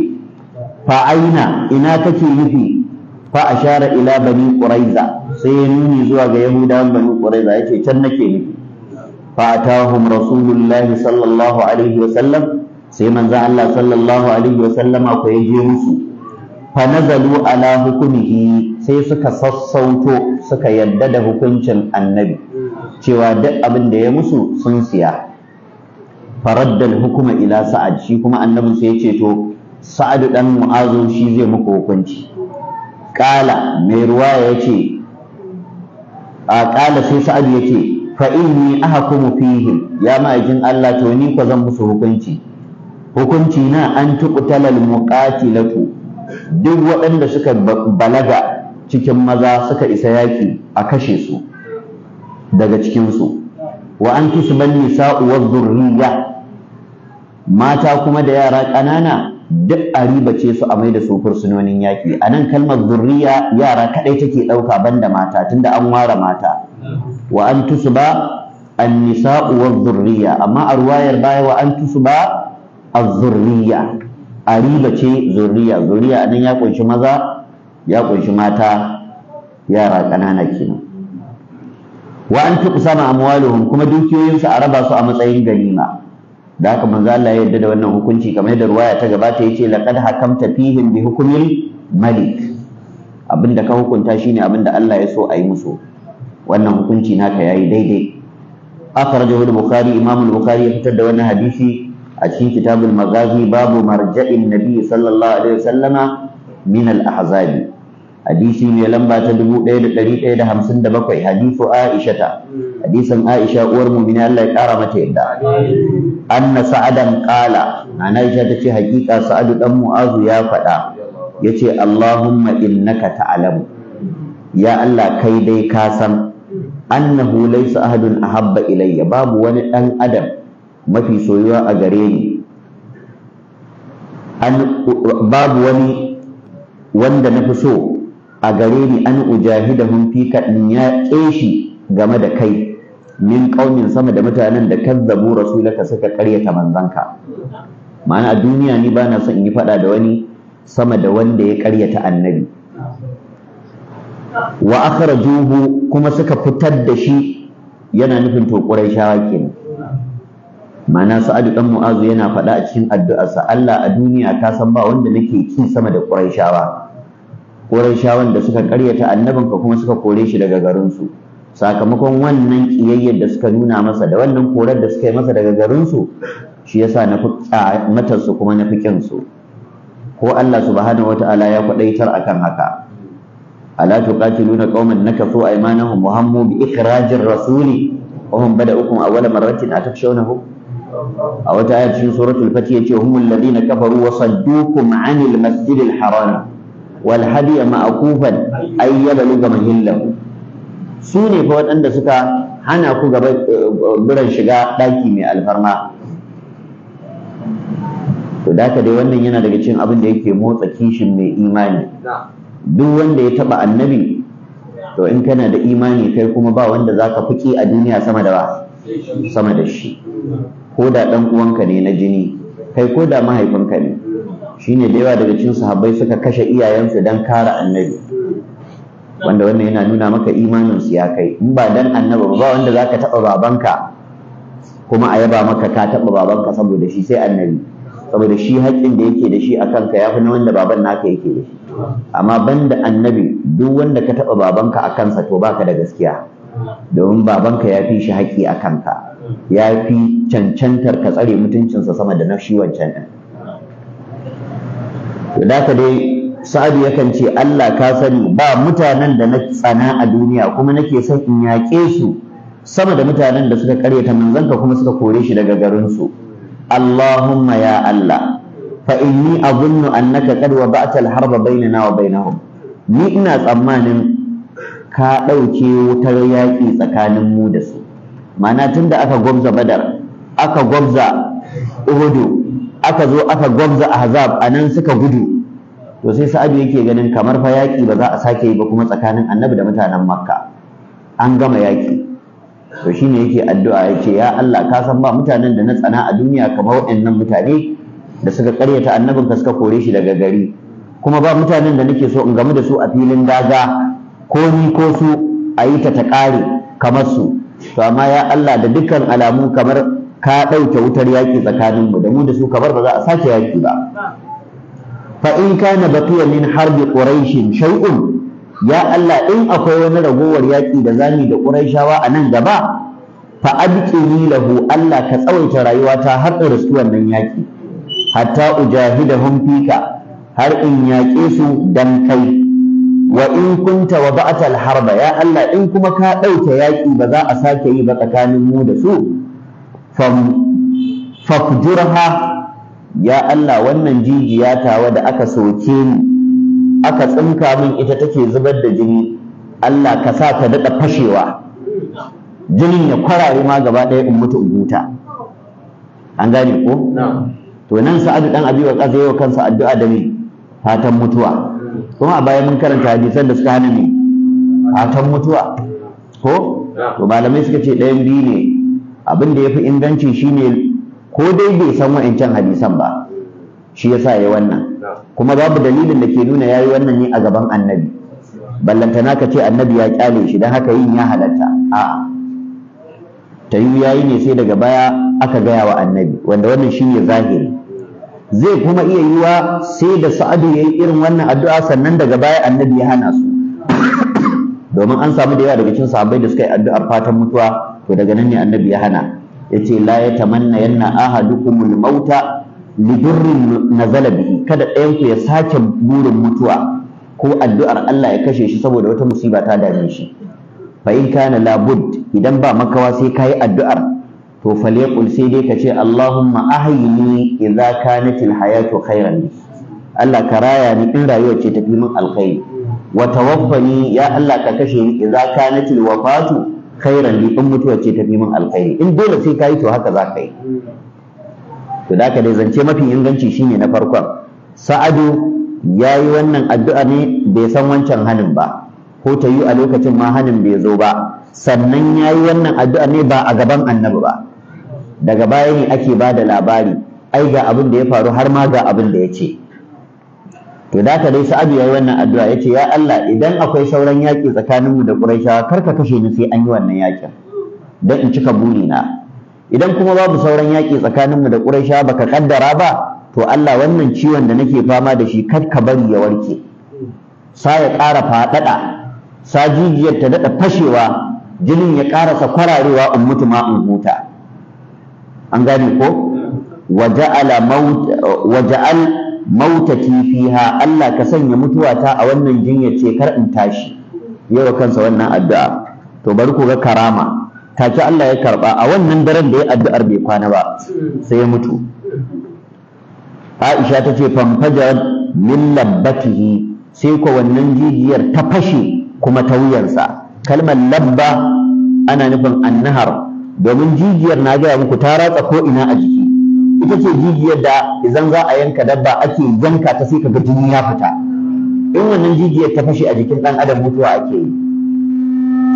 fa aina ina kake nufi fa ashara ila bani quraiza sai ya nuni zuwa ga yahudawan bani quraiza yake can nake nufi فأتاهم رسول الله صلى الله عليه وسلم سيما زعل الله صلى الله عليه وسلم ويجيوس فنزلوا على حكمه سيسك سصوتو سك يدد حكمشن النبي cewa duk abin da ya musu sun siya faraddal hukuma ila sa'ad shi kuma annabin sai ya ce to sa'ad dan mu'azu shi zai muku hukunci kala mai ruwa ya ce a kala sai Sa'adu ya ce fa inni ahkumu fihim ya ma'aikin Allah to ni ko zan musu hukunci hukunci na an tuqtalal muqatilatu duk waɗanda suka balaga cikin maza suka isa yaƙi a kashe su daga cikin su wa an tusban nisa'u wa dhurriya mata kuma da yara ƙanana duk a ce su a mai da su fursunonin yaƙi a nan kalmar zurriya yara kaɗai take ɗauka banda mata tunda an ware mata wa an tusba an-nisa'u amma a ruwayar baya wa an a zurriya. A ariba ce zurriya zurriya anan ya kunshi maza ya kunshi mata yara ƙanana kenan wa an tuqsama amwaluhum kuma dukiyoyinsu a raba su a matsayin ganima da haka manzo Allah ya yarda da wannan hukunci kamar yadda ruwaya ta gabata yace laqad hakamta fihim bi hukmil malik abinda ka hukunta shine abinda Allah ya so a yi musu wannan hukunci naka yayi daidai akhrajahu al-bukhari imam al-bukhari ya fitar da wannan hadisi a cikin kitabul maghazi babu marja'in nabi sallallahu alaihi wasallama min al-ahzabi hadisi mai lamba ta 1157 hadisu Aisha ta hadisin Aisha uwar mu'mini Allah ya kara mata yadda anna sa'adan qala ana Aisha ta ce hakika sa'adu dan mu'azu ya faɗa yace Allahumma innaka ta'lamu ya Allah kai dai ka san annahu laysa ahadun ahabba ilayya babu wani dan adam mafi soyuwa a gare ni babu wani wanda na fi so a gare ni an ujahidahum fi kadin ya keshi game da kai min kaumin sama da mutanen da kazzabu rasulaka suka karyata manzanka ma'ana a duniya ni bana son in yi faɗa da wani sama da wanda ya karyata annabi wa juhu kuma suka fitar da shi yana nufin to Qurayshawa kenan ma'ana Sa'adu dan Mu'azu yana faɗa a cikin addu'arsa Allah a duniya ta san ba wanda nake kin sama da Qurayshawa Qurayshawan da suka ƙaryata ka kuma suka kore shi daga garinsu sakamakon wannan kiyayyar da suka nuna masa da wannan korar da suka yi masa daga garinsu shi yasa na fi matarsu kuma na fi su ko Allah subhanahu wata'ala ya kwadaitar akan haka ألا تقاتلون قوما نكثوا أيمانهم وهموا بإخراج الرسول وهم بدأوكم أول مرة أتخشونه أو تعالى في سورة الفتية هم الذين كفروا وصدوكم عن المسجد الحرام والهدي معكوفا أن يبلغ مهله su ne fa waɗanda suka hana ku gaba biran shiga ɗaki mai alfarma to da dai wannan yana daga cikin abin da yake motsa kishin mai imani duk wanda ya taɓa annabi to in kana da imani kai kuma ba wanda zaka fiki a duniya sama da ba sama da shi ko da dan uwanka ne na jini kai ko da mahaifinka ne shine da yawa daga cikin sahabbai suka kashe iyayensu dan kare annabi wanda wannan yana nuna maka imaninsu ya kai in ba dan annabi ba wanda za ka taba babanka kuma a yaba maka ka taba babanka saboda shi sai annabi saboda shi haƙƙin da yake da shi a kanka ya fi na wanda baban naka yake da shi amma banda annabi duk wanda ka taɓa babanka a kansa to baka da gaskiya domin babanka ya fi shi haƙƙi a kanka ya fi cancantar ka tsare mutuncinsa sama da na shi wancan ɗin to da ka dai sa'adu yakan ce Allah ka sani ba mutanen da na tsana a duniya kuma nake son in yaƙe su sama da mutanen da suka ƙaryata manzanka kuma suka kore shi daga garinsu. Allahumma ya Allah fa inni azunnu annaka qad wada'ta al-harba bainana wa bainahum ni ina tsammanin ka dauke wutar yaƙi tsakanin mu da su ma'ana tunda aka gwabza badar aka gwabza uhudu aka zo aka gwabza ahzab anan suka gudu to sai sa'adu yake ganin kamar fa yaƙi ba za a sake yi ba kuma tsakanin annabi da mutanen makka an gama yaƙi to shine yake addu'a yace ya Allah ka san ba mutanen da na tsana a duniya kamar waɗannan mutane da suka karyata ka suka kore shi daga gari kuma ba mutanen da nake so in gamu da su a filin daga ko ni ko su a yi ta takare kamar su to amma ya Allah da dukkan alamu kamar ka ɗauke wutar yaƙi mu da mu da su kamar ba za a sake yaƙi ba fa in kana baqiya min harbi quraishin shay'un ya Allah in akwai wani ragowar yaƙi da zami da ƙuraishawa a nan gaba fa abqini lahu Allah ka tsawaita rayuwata har da su wannan yaƙi hatta ujahidahum fika har in yaƙe su dan kai wa in kunta wa ba'ta harba ya Allah in kuma ka ɗauke yaƙi ba za a sake yi ba tsakanin mu da su fafjurha ya Allah wannan jijiya tawa da aka soke ni aka tsinka min ita take zubar da jini Allah ka sa ta daɗa fashewa jinin ya kwarare ma gaba ɗaya in mutu in huta an gane ko to nan sa'adu dan abi kaza yau kansa addu'a da ni fatan mutuwa kuma a baya mun karanta hadisan da suka hana fatan mutuwa ko to malamai suka ce ɗayan biyu ne Abinda ya fi inganci shine ko dai bai san wa'ancan hadisan ba shi ya sa ya wannan kuma babu dalilin da ke nuna ya yi wannan ne a gaban annabi ballantana ka ce annabi ya kyale shi don haka yin ya halatta a'a ta yi ya yi ne sai daga baya aka gaya wa annabi wanda wannan shi ne zahiri zai kuma iya yiwa sai da sa'adu ya yi irin wannan addu'a sannan daga baya annabi ya hana su *coughs* domin an samu da yawa daga cikin sahabbai da suka yi addu'ar fatan mutuwa to daga nan ne annabi ya hana yace la yatamanna yanna ahadukumul mauta lidurrin nazala bihi kada ɗayan ku ya sake burin mutuwa ko addu'ar Allah ya kashe shi saboda wata musiba ta dame shi fa in kana labud idan ba makawa sai kai addu'ar to falyaqul sai dai ka ce Allahumma ahyini idza kanatil hayatu khairan Allah ka raya ni in rayuwa ce fi min alkhairi wa tawaffani ya Allah ka kashe ni idza kanatil wafatu khairan li in mutuwa ce fi min alkhairi in dole sai kai to haka za ka yi to da ka dai zance mafi inganci shine na farkon sa'adu ya yi wannan addu'a ne bai san wancan hanin ba ko ta yi a lokacin ma hanin bai zo ba sannan ya yi wannan addu'a ne ba a gaban annabi ba daga baya ne ake ba da labari ai ga abin da ya faru har ma ga abin da ya ce to da ka dai sa'adu ya yi wannan addu'a ya ce ya Allah idan akwai sauran yaƙi tsakaninmu da ƙuraishawa kar ka kashe ni sai an yi wannan yakin. don in cika burina idan kuma babu sauran yaƙi tsakaninmu da ƙuraisha baka ƙaddara ba to Allah wannan ciwon da nake fama da shi kar ka bari ya warke sa ya ƙara faɗaɗa sa jijiyar ta daɗa fashewa jinin ya ƙara kwararewa in mutu ma in huta an gane ko waja'al mauta fiha Allah ka sanya mutuwata a wannan jinyar ce kar in tashi yau kansa wannan addu'a to bari ku ga karama take Allah ya karba a wannan daren da ya addu'ar bai kwana ba sai ya mutu Aisha ta ce famfajar min labbatihi sai ko wannan jijiyar ta fashe kuma ta wuyarsa kalmar labba ana nufin annahar domin jijiyar na gaya muku ta ratsa ko ina a jiki ita ce jijiyar da idan za a yanka dabba ake yanka ta sai ga jini ya fita in wannan jijiyar ta fashe a jikin dan adam mutuwa ake yi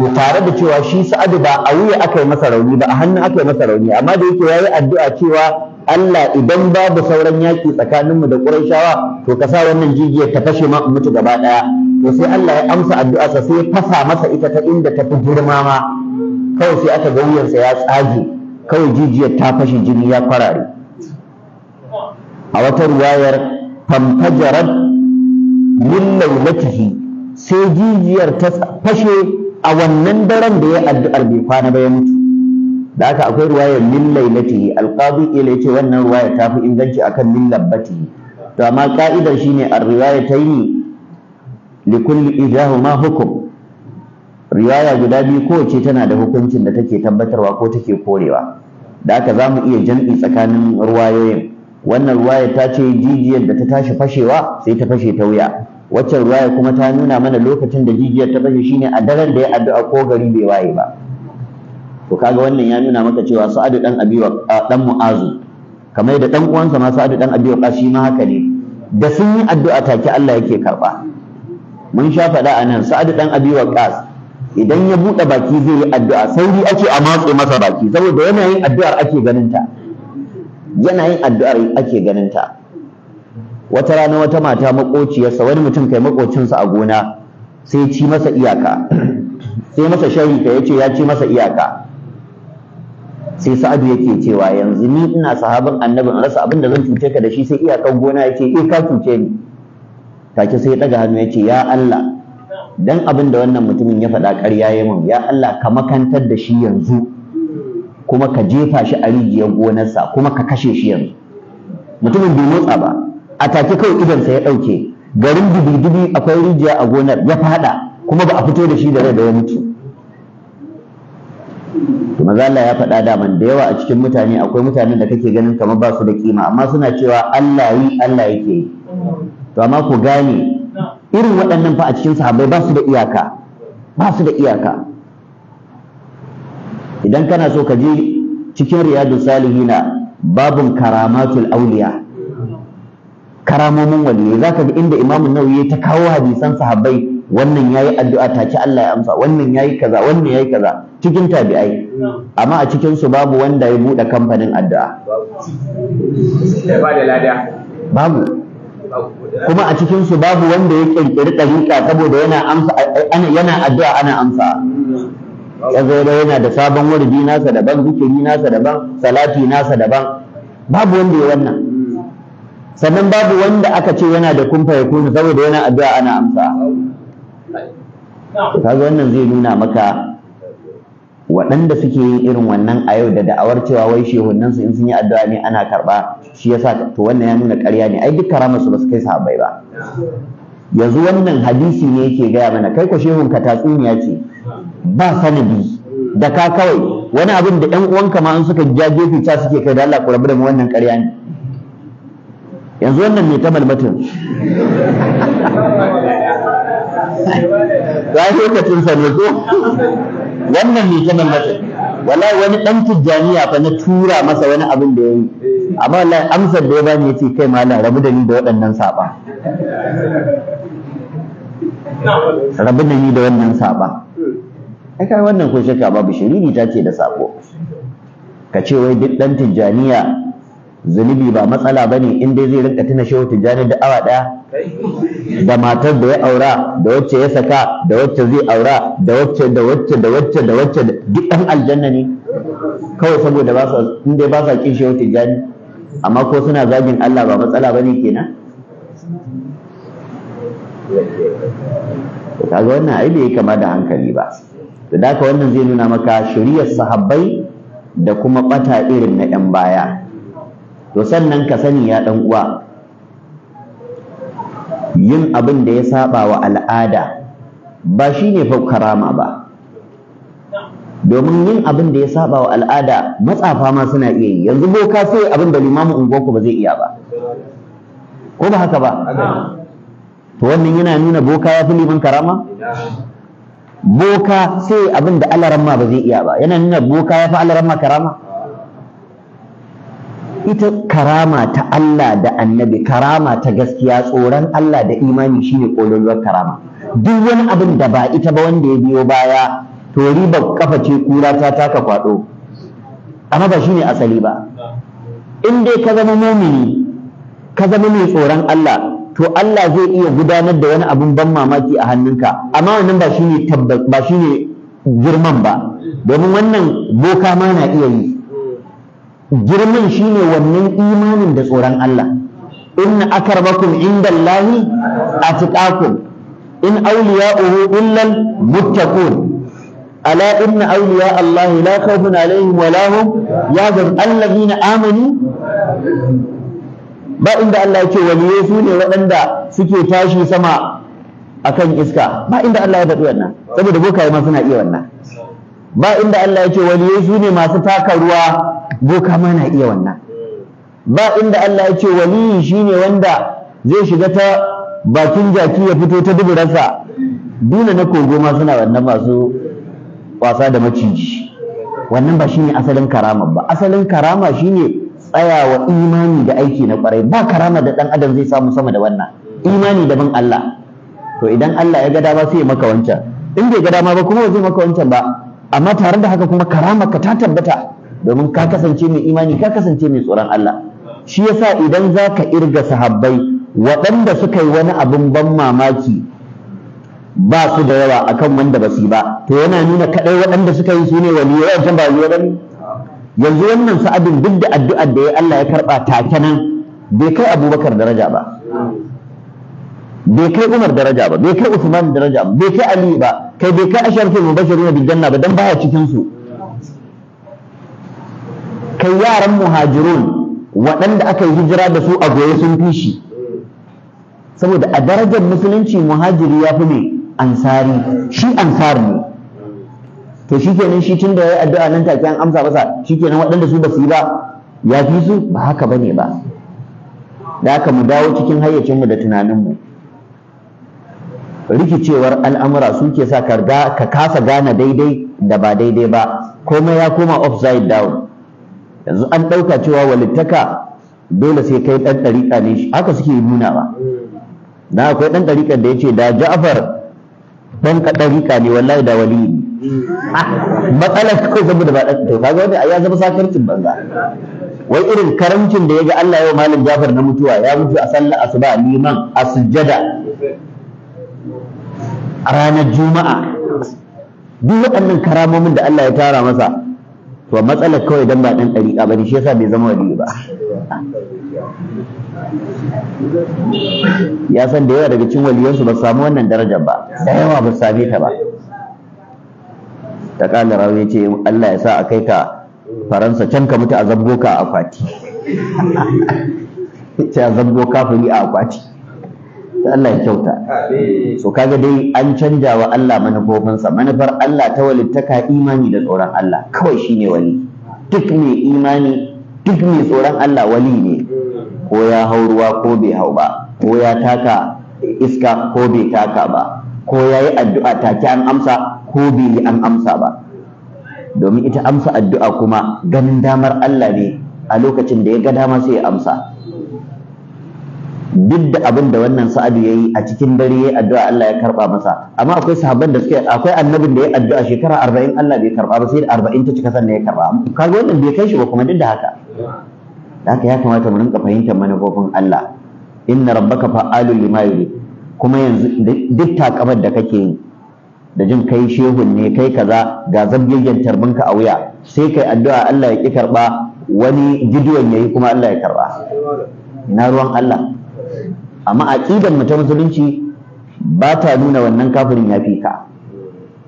to tare da cewa shi sa'adu ba a wuya aka yi masa rauni ba a hannu aka yi masa rauni amma da yake yayi addu'a cewa Allah idan babu sauran yaƙi tsakaninmu da Qurayshawa to ka sa wannan jijiyar ta fashe ma mutu gaba ɗaya, to sai Allah ya amsa addu'a sa sai ya fasa masa ita ta inda ta fi girma ma kawai sai aka ga sa ya tsage kawai jijiyar ta fashe jini ya farare a wata ruwayar famfajarat min laulatihi sai jijiyar ta fashe a wannan daren da ya addu'ar bai kwana ba ya mutu da aka akwai ruwaya min lailati alqadi ila yace wannan ruwaya ta fi inganci akan min labbati to amma ka'idar shine ar-riwayatayn li kulli ma hukum riwaya guda biyu kowace tana da hukuncin da take tabbatarwa ko take korewa da aka zamu iya jam'i tsakanin ruwayoyin wannan ruwaya ta ce jijiyar da ta tashi fashewa sai ta fashe ta wuya wacce ruwaya kuma ta nuna mana lokacin da jijiyar ta fashe shine a daren da ya addu'a ko gari bai waye ba to kaga wannan ya nuna maka cewa sa'adu dan abiwa dan mu'azu kamar da dan uwansa ma sa'adu dan abiwa shi ma haka ne da sun yi addu'a take Allah yake karba mun sha faɗa a nan sa'adu dan abiwa kas idan ya buɗe baki zai yi addu'a sauri ake a matse masa baki saboda yana yin addu'ar ake ganin ta yana yin addu'ar ake ganin ta wata rana wata mata makociyarsa wani mutum kai makocinsa a gona sai ci masa iyaka sai masa sharika ya ce ya ci masa iyaka sai sa'adu yake cewa yanzu ni ina sahabin annabin rasa abin da zan cuce ka da shi sai iyakan gona ya ce eh ka cuce ni take sai ya daga hannu ya ya Allah dan abin da wannan mutumin ya faɗa ƙarya ya mun ya Allah ka makantar da shi yanzu kuma ka jefa shi a rijiyar gonarsa kuma ka kashe shi yanzu mutumin bai motsa ba a take kawai sa ya ɗauke garin dubi-dubi akwai rijiya a gonar ya fada kuma ba a fito da shi da rai da ya mutu to maza Allah ya faɗa daman da yawa a cikin mutane akwai mutanen da kake ganin kamar ba su da kima amma suna cewa Allah yi Allah yake yi to amma ku gane irin waɗannan fa a cikin sahabbai ba su da iyaka ba su da iyaka idan kana so ka je cikin riyadu salihina babun karamatul auliya karamomin za zaka ga inda imamu nawawi ta kawo hadisan sahabbai wannan yayi addu'a ci Allah ya amsa wannan yayi kaza wannan yayi kaza cikin tabi'ai amma a cikin su babu wanda ya bude kamfanin addu'a babu kuma a cikin su babu wanda ya kirkiri dariƙa saboda yana amsa yana addu'a ana amsa ya zo da yana da sabon wurdi nasa daban zikiri nasa daban salati nasa daban babu wanda ya wannan sannan babu wanda aka ce yana da kumfa ya kuna saboda yana addu'a ana amsa kaga wannan zai nuna maka waɗanda suke yin irin wannan a yau da da'awar cewa wai shehunan su in sun yi addu'a ne ana karɓa shi yasa to wannan ya nuna ƙarya ne ai duk karamar su ba su kai sahabbai ba yanzu wannan hadisi ne yake gaya mana kai ko shehun ka tatsuniya ce ba sanadi da ka kawai wani abin da 'yan uwanka ma in suka jajefi ta suke kai da Allah ku rabu da mu wannan ƙarya ne yanzu wannan mai ta *laughs* ya yi lokacin sa ko wannan mai ta malmatin wala wani dan tijjaniya fa na tura masa wani abin da ya yi. amma wallahi amsar da ya bani yace kai malam rabu da ni da waɗannan saba rabu da ni da wannan saba ai kai wannan ko shakka babu shiriri ta ce da sako ka ce wai duk dan tijjaniya zunubi ba matsala ba ne in dai zai rinka tuna shehu tijjani da awa ɗaya da matar da ya aura da wacce ya saka da wacce zai aura da wacce da wacce da wacce da wacce duk ɗan aljanna ne kawai saboda ba in dai ba sa kin shehu tijjani amma ko suna zagin Allah ba matsala ba ne kenan kaga wannan ai bai kama da hankali ba da haka wannan zai nuna maka shiriyar sahabbai da kuma bata irin na 'yan baya to sannan ka sani ya ɗan uwa yin abin da ya saba wa al'ada ba shi ne fa karama ba domin yin abin da ya saba wa al'ada matsafa ma suna iya yi yanzu boka sai abin da limamin unguwarku ba zai iya ba ko ba haka ba to wannan yana nuna boka ya fi liman karama boka sai abin da alaramma ba zai iya ba yana nuna boka ya fi alaramma karama ita karama ta Allah da annabi karama ta gaskiya tsoron Allah da imani shine kololuwar karama duk wani abin da ba ita ba wanda ya biyo baya to riba kafa ce kura ta taka kwado amma ba shine asali ba in dai ka zama mumini ka zama mai tsoron Allah to Allah zai iya gudanar da wani abin ban mamaki a hannunka amma wannan ba shine tabbas ba shine girman ba domin wannan boka ma na iya yi girman shine wannan imanin da tsoron Allah inna akarmakum indallahi atqakum in awliya'uhu illal muttaqun ala inna awliya Allah la khawfun alaihim wa la hum yahzan alladhina amanu ba inda Allah yake waliyai su ne waɗanda suke tashi sama akan iska ba inda Allah ya faɗi wannan saboda bokaye ma suna iya wannan ba inda Allah yake waliyai su ne masu taka ruwa boka ma na iya wannan ba inda Allah ya ce wali shine wanda zai shiga ta bakin jaki ya fito ta duburarsa Duna na kogo ma suna wannan masu wasa da maciji wannan ba shine asalin karama ba asalin karama shine tsayawa imani da aiki na kwarai ba karama da dan adam zai samu sama da wannan imani da bin Allah to idan Allah ya ga dama sai ya maka wancan in bai ga dama ba kuma zai maka wancan ba amma tare da haka kuma karama ka ta tabbata domin ka kasance mai imani ka kasance mai tsoron Allah shi yasa idan za ka irga sahabbai waɗanda suka yi wani abin ban mamaki ba su da yawa akan wanda ba su ba to yana nuna kaɗai waɗanda suka yi su ne waliyai wajen ba waliyai yanzu wannan sa'adin duk da addu'ar da ya Allah ya karɓa take nan bai kai abubakar daraja ba bai kai umar daraja ba bai kai usman daraja ba bai kai ali ba kai bai kai asharfin mubashirin bil janna ba dan baya cikin su kai yaran muhajirun waɗanda aka yi hijira da su a goye sun fi shi saboda a darajar musulunci muhajiri ya fi ne ansari shi ansari ne to shi kenan shi tun da ya addu'a nan take an amsa masa shi kenan waɗanda su basu yi ba ya fi su ba haka bane ba da haka mu dawo cikin hayyacinmu da tunaninmu rikicewar al'amura su ke sa ka kasa gane daidai da ba daidai ba komai ya koma upside down yanzu an ɗauka cewa walittaka dole sai kai ɗan ɗariƙa ne shi. haka suke nuna ba na akwai ɗan ɗariƙa da ya ce da ja'far ɗan ɗariƙa ne wallahi da wali ne *laughs* matsalar zama saboda ba ɗan to kaga wani ya zama sakarcin banza wai irin karamcin da ya ga Allah yau malam Jafar na mutuwa ya mutu a sallar asuba liman a sujjada a ranar juma'a duk waɗannan karamomin da Allah ya tara masa to matsalar kawai dan ba dan dariƙa bane shi yasa bai zama wali ba ya san da yawa daga cikin waliyansu ba samu wannan daraja ba da yawa ba same ta ba ta kala ya ce Allah ya sa a kai ka faransa can ka mutu a zabgo ka a akwati *laughs* ce a zabgo fuli a akwati ta Allah ya kyauta so kaga dai an canja wa Allah manufofinsa manufar Allah ta walittaka imani da tsoron Allah kawai shine wali duk mai imani duk mai tsoron Allah wali ne ko ya hau ruwa ko bai hau ba ko ya taka iska ko bai taka ba ko ya yi addu'a take an amsa ko bai yi an amsa ba domin ita amsa addu'a kuma ganin damar Allah ne a lokacin da ya ga dama sai ya amsa duk da abin da wannan sa'adu ya yi a cikin dare ya addu'a Allah ya karba masa amma akwai sahabban da suke akwai annabin da ya addu'a shekara arba'in Allah bai karba ba sai da arba'in ta cika sannan ya karba kaga wannan bai kai shi ba kuma duk da haka haka ya kamata mu rinka fahimtar manufofin Allah inna rabbaka fa'alul lima yuri kuma yanzu duk takamar da kake yi da jin kai shehu ne kai kaza ga zabgegen tarbinka a wuya sai kai addu'a Allah ya ki karba wani gidwon yayi kuma Allah ya karba ina ruwan Allah amma aqidar mu ta musulunci ba ta nuna wannan kafirin ya fi ka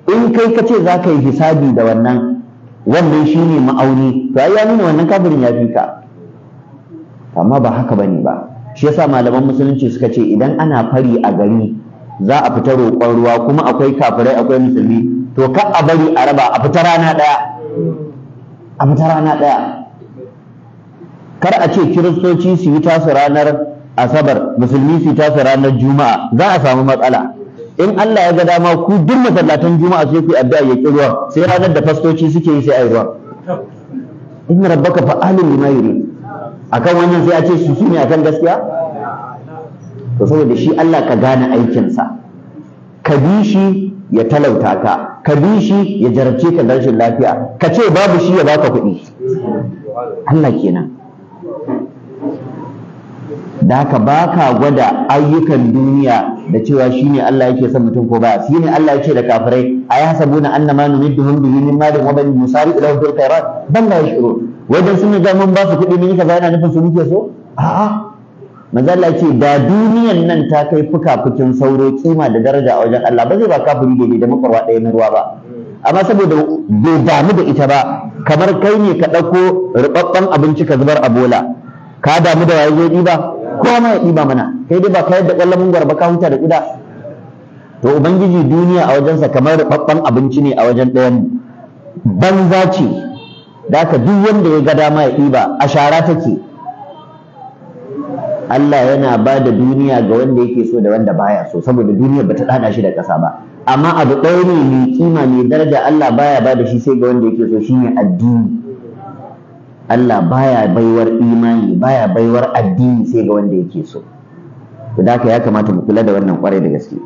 in kai ka ce za ka yi hisabi da wannan wannan ne ma'auni to ya nuna wannan kafirin ya fi ka amma ba haka bane ba shi yasa malaman musulunci suka ce idan ana fari a gari za a fita roƙon ruwa kuma akwai kafirai akwai musulmi to ka a bari a raba a fita rana ɗaya a fita rana ɗaya kar a ce kiristoci su yi tasu ranar asabar musulmi su tasa ranar juma'a za a samu matsala in Allah ya ga dama ku duk masallatan juma'a sai ku addu'a ya ki sai ranar da fastoci suke yi sai ai ruwa In rabbaka alim lima yuri akan wannan sai a ce su ne akan gaskiya to saboda shi Allah ka gane aikinsa ka bi shi ya talauta ka ka bi shi ya jarabce ka rashin lafiya ka ce babu shi ya baka kuɗi Allah kenan da haka ba ka gwada ayyukan duniya da cewa shi ne Allah yake son mutum ko ba shi ne Allah yake da kafirai a ya sabu na annama numidduhum bihi min malin wa bani musari ila fil khairat ban la wajen sun ga mun ba su kuɗi mun yi kaza yana nufin su muke so a'a manzo Allah yake da duniyan nan ta kai fuka-fukin sauro kima da daraja a wajen Allah ba zai ba kafiri da bai da makarwa ɗaya na ruwa ba amma saboda bai damu da ita ba kamar kai ne ka ɗauko ruɓaɓɓen abinci ka zubar a bola ka damu da waye ba kowa ya ɗiba mana kai dai ba ka yadda ƙwallon mungwar ba ka huta da ƙuda to ubangiji duniya a wajensa kamar ruɓaɓɓen abinci ne a wajen ɗayan banza ce da haka duk wanda ya ga dama ya ɗiba a shara take Allah yana ba da duniya ga wanda yake so da wanda baya so saboda duniya bata ɗana shi da ƙasa ba amma abu ɗaya ne mai kima mai daraja Allah baya ba da shi sai ga wanda yake so shine addini Allah baya baiwar imani baya baiwar addini sai ga wanda yake so to da ya kamata mu kula da wannan kwarai da gaske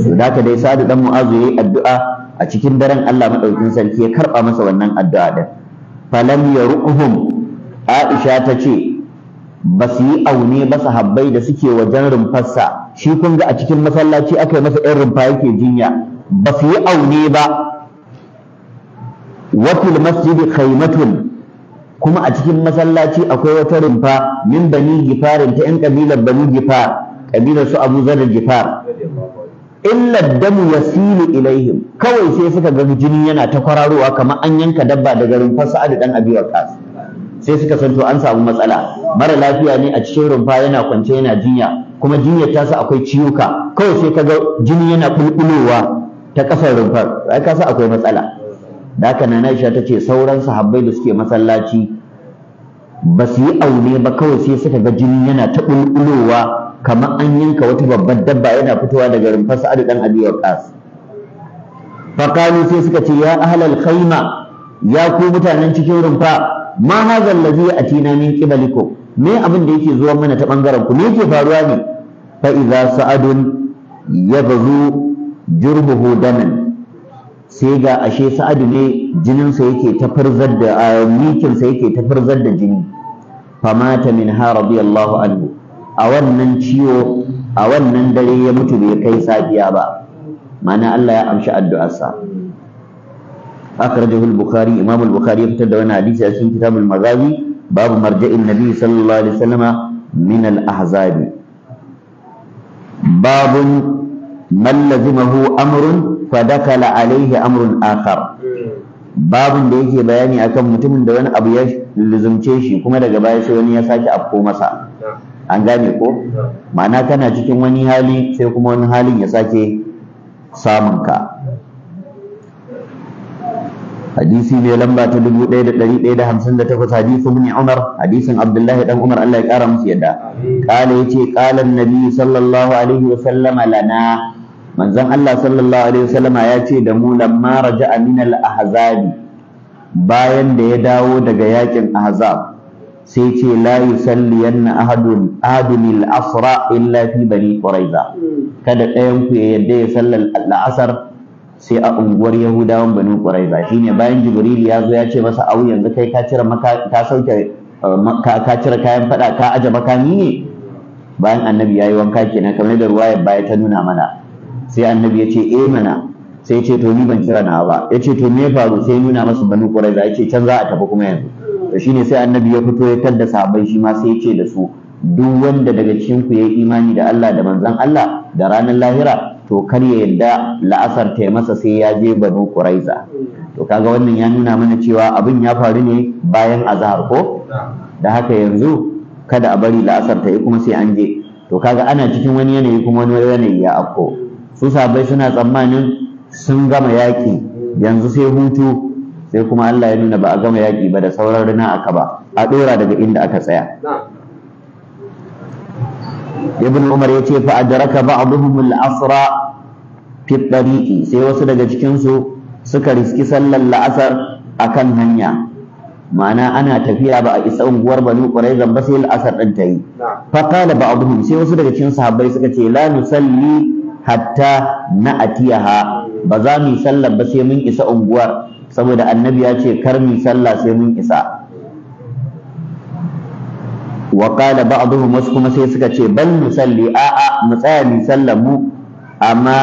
to da dai sadu dan mu'azu yayi addu'a a cikin daren Allah madaukin sarki ya karba masa wannan addu'a din falam yaruhum Aisha ta ce ba su yi aune ba sahabbai da suke wajen rumfarsa shi kun ga a cikin masallaci aka masa ɗan rumfa yake jinya ba su yi aune ba wa fil masjid khaymatun kuma a cikin masallaci akwai wata rumfa min bani gifarin ta 'yan kabilar bani gifar kabilar su abu zarar gifar illa damu yasilu ilaihim kawai sai suka ga jini yana ta kwararowa kamar an yanka dabba daga rumfar sa'adu dan abi waqas sai suka san to an samu matsala mara lafiya ne a cikin rumfa yana kwance yana jinya kuma jinyar ta sa akwai ciwuka kawai sai kaga jini yana bulbulowa ta kasar rumfar ai ka sa akwai matsala da haka na Aisha ta ce sauran sahabbai da suke masallaci ba su yi aune ba kawai sai suka ga jini yana ta kamar an yanka wata babbar dabba yana fitowa daga rumfar sa'adu dan Abi Waqqas faqalu sai suka ce ya ahlal khayma ya ku mutanen cikin rumfa ma hadha allazi atina min qibalikum me abin da yake zuwa mana ta bangaren ku me yake faruwa ne fa idza sa'adun yabzu jurbuhu daman sai ga ashe sa'adu ne jininsa yake ta farzar da mikinsa yake ta farzar da jini famata min ha radiyallahu anhu a wannan ciwo a wannan dare ya mutu bai kai safiya ba ma'ana Allah ya amshi addu'arsa akhrajahu al-bukhari imam al-bukhari ya fitar da wani hadisi a cikin kitabul maghazi babu marja'in nabi sallallahu alaihi wasallama min al-ahzabi babun man lazimahu amrun fa dakala alaihi amrun akar. babun da yake bayani akan mutumin da wani abu ya luzumce shi kuma daga baya sai wani ya sake afko masa an gane ko ma'ana kana cikin wani hali sai kuma wani halin ya sake samun ka hadisi ne lamba ta 1158 hadisi ibn Umar hadisin Abdullahi dan Umar Allah ya kara musu yadda kala yace qala annabi sallallahu alaihi wa sallama lana manzon Allah sallallahu alaihi wasallama ya ce da mu lamma raja min al-ahzabi bayan da ya dawo daga yakin ahzab sai ce la yusalliyanna ahadun ahadun al-asra illa fi bani quraiza kada ɗayan ku ya yadda ya sallar al-asr sai a unguwar yahudawan bani quraiza shine bayan jibril ya zo ya ce masa au yanzu kai ka cire maka ka sauke ka cire kayan fada ka aje makami ne bayan annabi yayi wanka kenan kamar da ruwayar baya ta nuna mana sai annabi ya ce eh mana sai ya ce to ni ban kira na ba ya ce to me faru sai nuna masa banu za ya ce can za a tafi kuma yanzu to shine sai annabi ya fito ya tadda sahabbai shi ma sai ya ce da su duk wanda daga cikin ku yi imani da Allah da manzon Allah da ranar lahira to kar ya yarda la'asar ta masa sai ya je banu kuraiza. to kaga wannan ya nuna mana cewa abin ya faru ne bayan azhar ko da haka yanzu kada a bari la'asar ta yi kuma sai an je to kaga ana cikin wani yanayi kuma wani yanayi ya afko su sabai suna tsammanin sun gama yaƙi yanzu sai hutu sai kuma Allah ya nuna ba a gama yaƙi ba da sauran rina aka ba a ɗora daga inda aka tsaya ibn umar ya ce fa adraka ba'dhum al-asra fi tariqi sai wasu daga cikin su suka riski sallar la'asar akan hanya ma'ana ana tafiya ba a isa unguwar banu quraizan ba sai la'asar din ta yi fa qala ba'dhum sai wasu daga cikin sahabbai suka ce la nusalli hatta na atiyaha ba za mu yi sallar ba sai mun isa unguwar saboda annabi ya ce kar mu sallah sai mun isa wa qala ba'dhum wasu kuma sai suka ce bal musalli a a mu tsaya mu sallar mu amma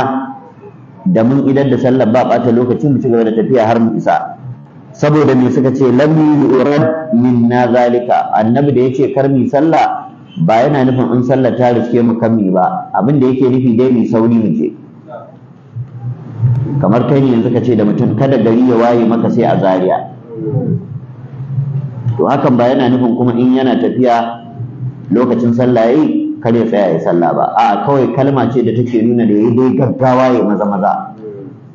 da mun idan da sallar ba bata lokaci mu ci gaba da tafiya har mu isa saboda me suka ce lam yurad minna zalika annabi da yace kar mu sallah ba yana nufin in sallar ta riske mu kan ba abin da yake nufi dai mai sauri mu je kamar kai ne yanzu ka ce da mutum kada gari ya waye maka sai a Zariya. to hakan ba yana nufin kuma in yana tafiya lokacin sallah yayi kar ya tsaya ya sallah ba a'a kawai kalma ce da take nuna da yayi dai gaggawa ya maza maza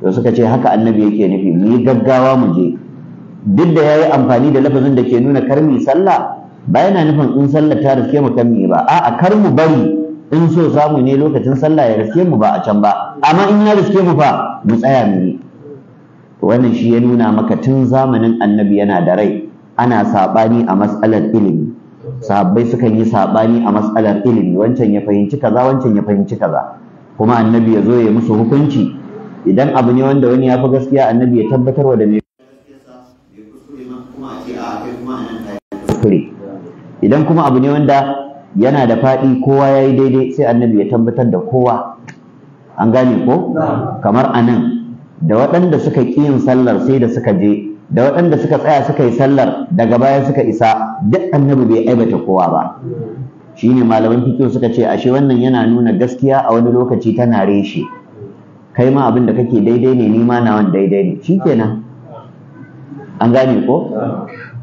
to suka ce haka annabi yake nufi mu yi gaggawa mu je duk da yayi amfani da lafazin da ke nuna karmi sallah ba yana nufin in sallah ta riske mu kan me ba a kar mu bari in so samu ne lokacin sallah ya riske mu ba a can ba amma in ya riske mu fa mu tsaya mu yi wannan shi ya nuna maka tun zamanin annabi yana da rai ana sabani a matsalar ilimi sahabbai sukan yi sabani a matsalar ilimi wancan ya fahimci kaza wancan ya fahimci kaza kuma annabi ya zo ya musu hukunci idan abu ne wanda wani ya fi gaskiya annabi ya tabbatar da mai kuskure idan kuma abu ne wanda yana da faɗi kowa ya yi daidai sai annabi ya tabbatar da kowa an gane ko kamar a nan da waɗanda suka ƙi yin sallar sai da suka je da waɗanda suka tsaya suka yi sallar daga baya suka isa duk annabi bai aibata kowa ba shine malaman fikiyo suka ce ashe wannan yana nuna gaskiya a wani lokaci tana reshe kai ma abin da kake daidai ne ni ma nawan daidai ne shikenan an gane ko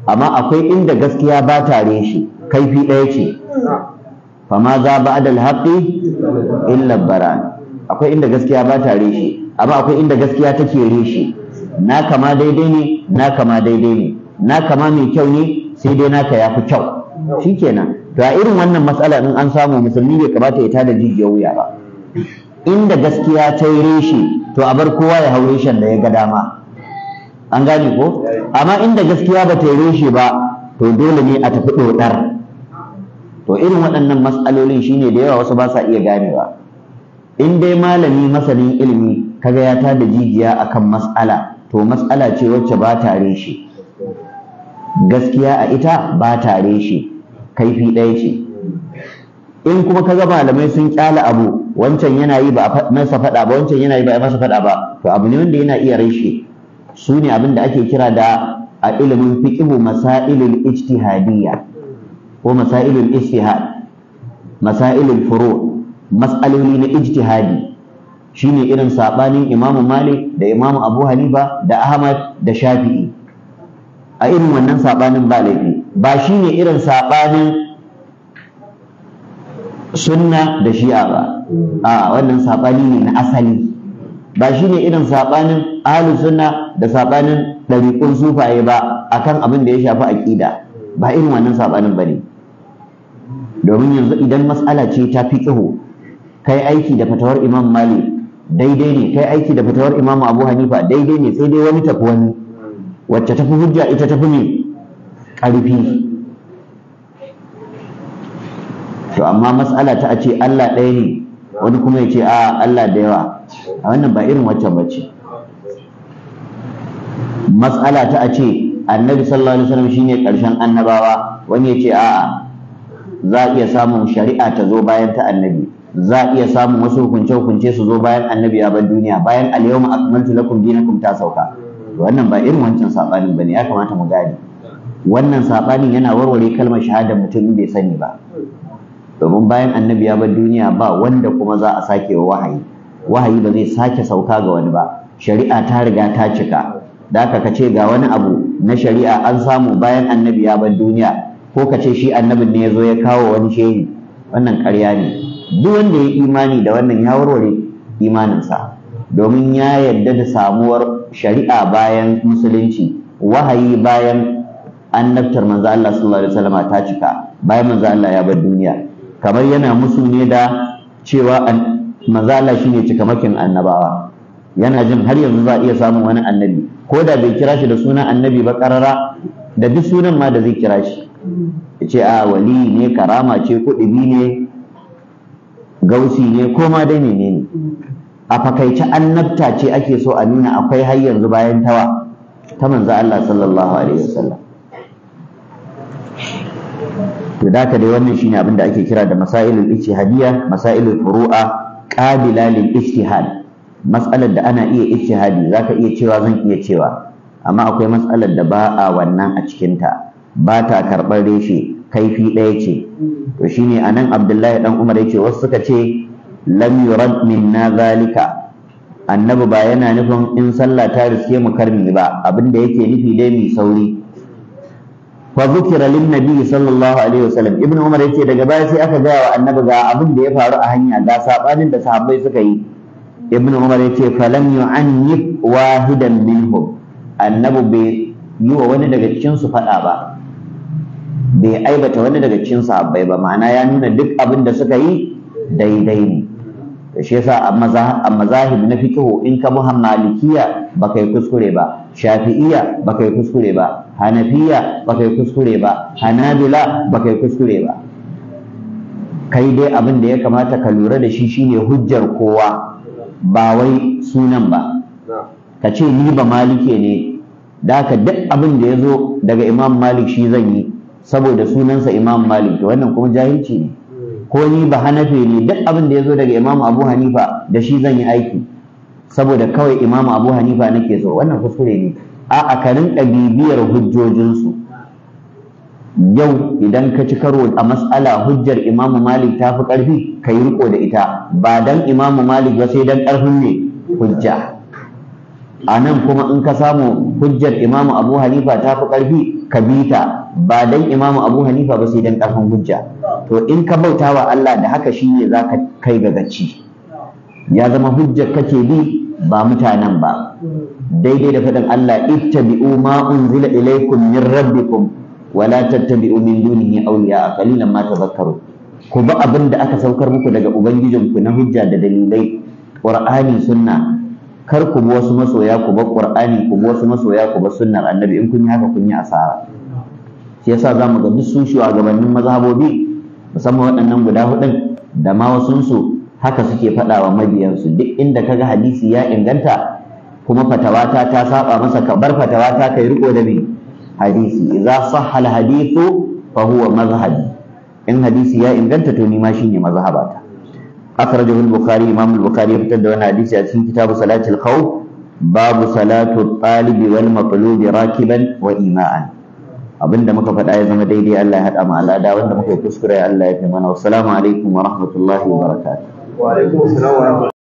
amma akwai inda gaskiya ba tare shi kaifi ɗaya ce fama za ba adal haƙi illa bara akwai inda gaskiya ba tare shi amma akwai inda gaskiya take reshe na kama daidai ne na kama daidai ne na kama mai kyau ne sai dai naka ya fi kyau shikenan to a irin wannan matsala in an samu musulmi bai kamata ya tada jijiyar wuya ba inda gaskiya ta yi reshe to a bar kowa ya hau reshen da ya ga dama an gane ko amma inda gaskiya ba ta rushe ba to dole ne a tafi dodar to irin waɗannan matsalolin shine da yawa wasu ba sa iya ganewa in dai malami masanin ilimi kaga ya da jijiya akan matsala to matsala ce wacce ba ta shi? gaskiya a ita ba ta shi, kaifi ɗaya ce in kuma ka ga malamai sun kyala abu wancan yana yi ba a masa faɗa ba wancan yana yi ba a masa faɗa ba to abu ne wanda yana iya reshe su ne abin da ake kira da a ilimin fiqhu masailul ijtihadiyya ko masailul ijtihad masailul furu mas'aloli na ijtihadi shine irin sabanin Imam Malik da Imam Abu Hanifa da Ahmad da Shafi'i a irin wannan sabanin ba laifi ba shine irin sabanin sunna da shi'a ba a wannan sabani ne na asali ba shi ne irin sabanin ahlus suna da saɓanin ɗariƙun sufaye ba a kan abin da ya shafi ƙida ba irin wannan sabanin ne. domin yanzu idan mas'ala ce ta fi fiqhu kai aiki da fatawar Imam Malik daidai ne kai aiki da fatawar Imam Abu Hanifa daidai ne sai dai wani tafi wani wacce tafi hujja ita tafi ne ƙarfi to amma mas'ala ta a ce Allah ɗaya ne wani kuma ya ce a Allah da yawa a wannan ba irin waccan ce. matsala ta a ce annabi sallallahu alaihi wasallam shine karshen annabawa wani ya ce a'a za a iya samun shari'a ta zo bayan ta annabi za a iya samun wasu hukunce hukunce su zo bayan annabi ya ban duniya bayan alyawma akmaltu lakum dinakum ta sauka wannan ba irin wancan sabani bane ya kamata mu gane wannan sabanin yana warware kalmar shahada mutum bai sani ba domin bayan annabi ya bar duniya ba wanda kuma za a sake wa wahayi wahayi ba zai sake sauka ga wani ba shari'a ta riga ta cika da ka ce ga wani abu na shari'a an samu bayan annabi ya bar duniya ko kace shi annabin ne ya zo ya kawo wani shehi wannan ƙarya ne duk wanda ya imani da wannan ya warware imaninsa domin ya yarda da samuwar shari'a bayan musulunci wahayi bayan annabtar manzo Allah sallallahu alaihi wasallam ta cika bayan manzo Allah ya bar duniya kamar yana musu ne da cewa manzo Allah shine cikamakin annabawa yana jin har yanzu za a iya samun wani annabi ko da bai kira shi da sunan annabi ba karara da duk sunan ma da zai kira shi ya ce a wali ne karama ce kuɗi ne gausi ne ko ma dai ne ne a fakaice annabta ce ake so a nuna akwai har yanzu bayan tawa ta manzo Allah sallallahu alaihi wasallam to da dai wannan shine abin da ake kira da masailul ijtihadiyya masailul furu'a qabila lil ijtihad matsalar da ana iya ijtihadi zaka iya cewa zan iya cewa amma akwai matsalar da ba a wannan a cikin ta ba ta karɓar reshe kaifi ɗaya ce to shine anan Abdullahi ɗan Umar yake wasu suka ce lam yurad minna zalika annabi ba yana nufin in sallah ta riske mu karmi ba abinda yake nufi dai mai sauri fa zukira lin nabi sallallahu alaihi wasallam ibn umar yace daga baya sai aka gaya wa annabi ga abin da ya faru a hanya ga sabanin da sahabbai suka yi ibn umar yace falam yu'annif wahidan minhum annabi bai yi wa wani daga cikin su fada ba bai aibata wani daga cikin sahabbai ba ma'ana ya nuna duk abin da suka yi daidai ne shi yasa a mazahib na fiqhu in ka buhan malikiya baka yi kuskure ba shafi'iya baka yi kuskure ba hanafiya baka yi kuskure ba hanabila baka yi kuskure ba kai dai abin da ya kamata ka lura da shi shine hujjar kowa ba wai sunan ba ka ce ni ba malike ne da ka duk abin da ya zo daga imam malik shi zan yi saboda sunansa imam malik wannan kuma jahilci ne ko ni ba hanafi ne duk abin da ya zo daga imamu abu hanifa da shi zan yi aiki saboda kawai imamu abu hanifa nake so wannan kuskure ne a kanin rinka bibiyar hujjojinsu yau idan ka ci karo a masala hujjar imamu malik ta fi ƙarfi ka yi riko da ita ba dan imamu malik ba sai dan ƙarfin ne hujja a nan kuma in ka samu hujjar imamu abu hanifa ta fi ƙarfi kabita ba dan imamu abu hanifa ba sai dan karfin hujja to in ka bauta wa Allah da haka shi ne za ka kai ga gaci ya zama hujjar kake bi ba mutanen ba daidai da faɗin Allah ittabi'u ma unzila ilaykum min rabbikum wa la tattabi'u min dunihi awliya qalilan ma tadhakkaru ku ba abinda aka saukar muku daga ubangijinku na hujja da dalilai qur'ani sunna kar ku bi wasu masoya ku ba qur'ani ku bi wasu masoya ku ba sunnar annabi in kun yi haka kun yi asara shi yasa za mu ga duk a gabanin mazhabobi musamman waɗannan guda hudun da ma wasunsu haka suke faɗa wa mabiyansu duk inda ga hadisi ya inganta kuma fatawata ta saba masa ka bar fatawata kai riko da me hadisi idza sahha al hadithu fa huwa mazhabi in hadisi ya inganta to ni ma shine mazhabata akhrajahu al-bukhari imam al-bukhari ya fitar da wani hadisi a cikin kitabu salatul khawf babu salatu talibi wal matlubi rakiban wa ima'an abinda muka faɗa ya zama daidai Allah ya haɗa mu al'ada wanda muka kuskure Allah ya fi mana wassalamu alaikum wa rahmatullahi wa barakatuh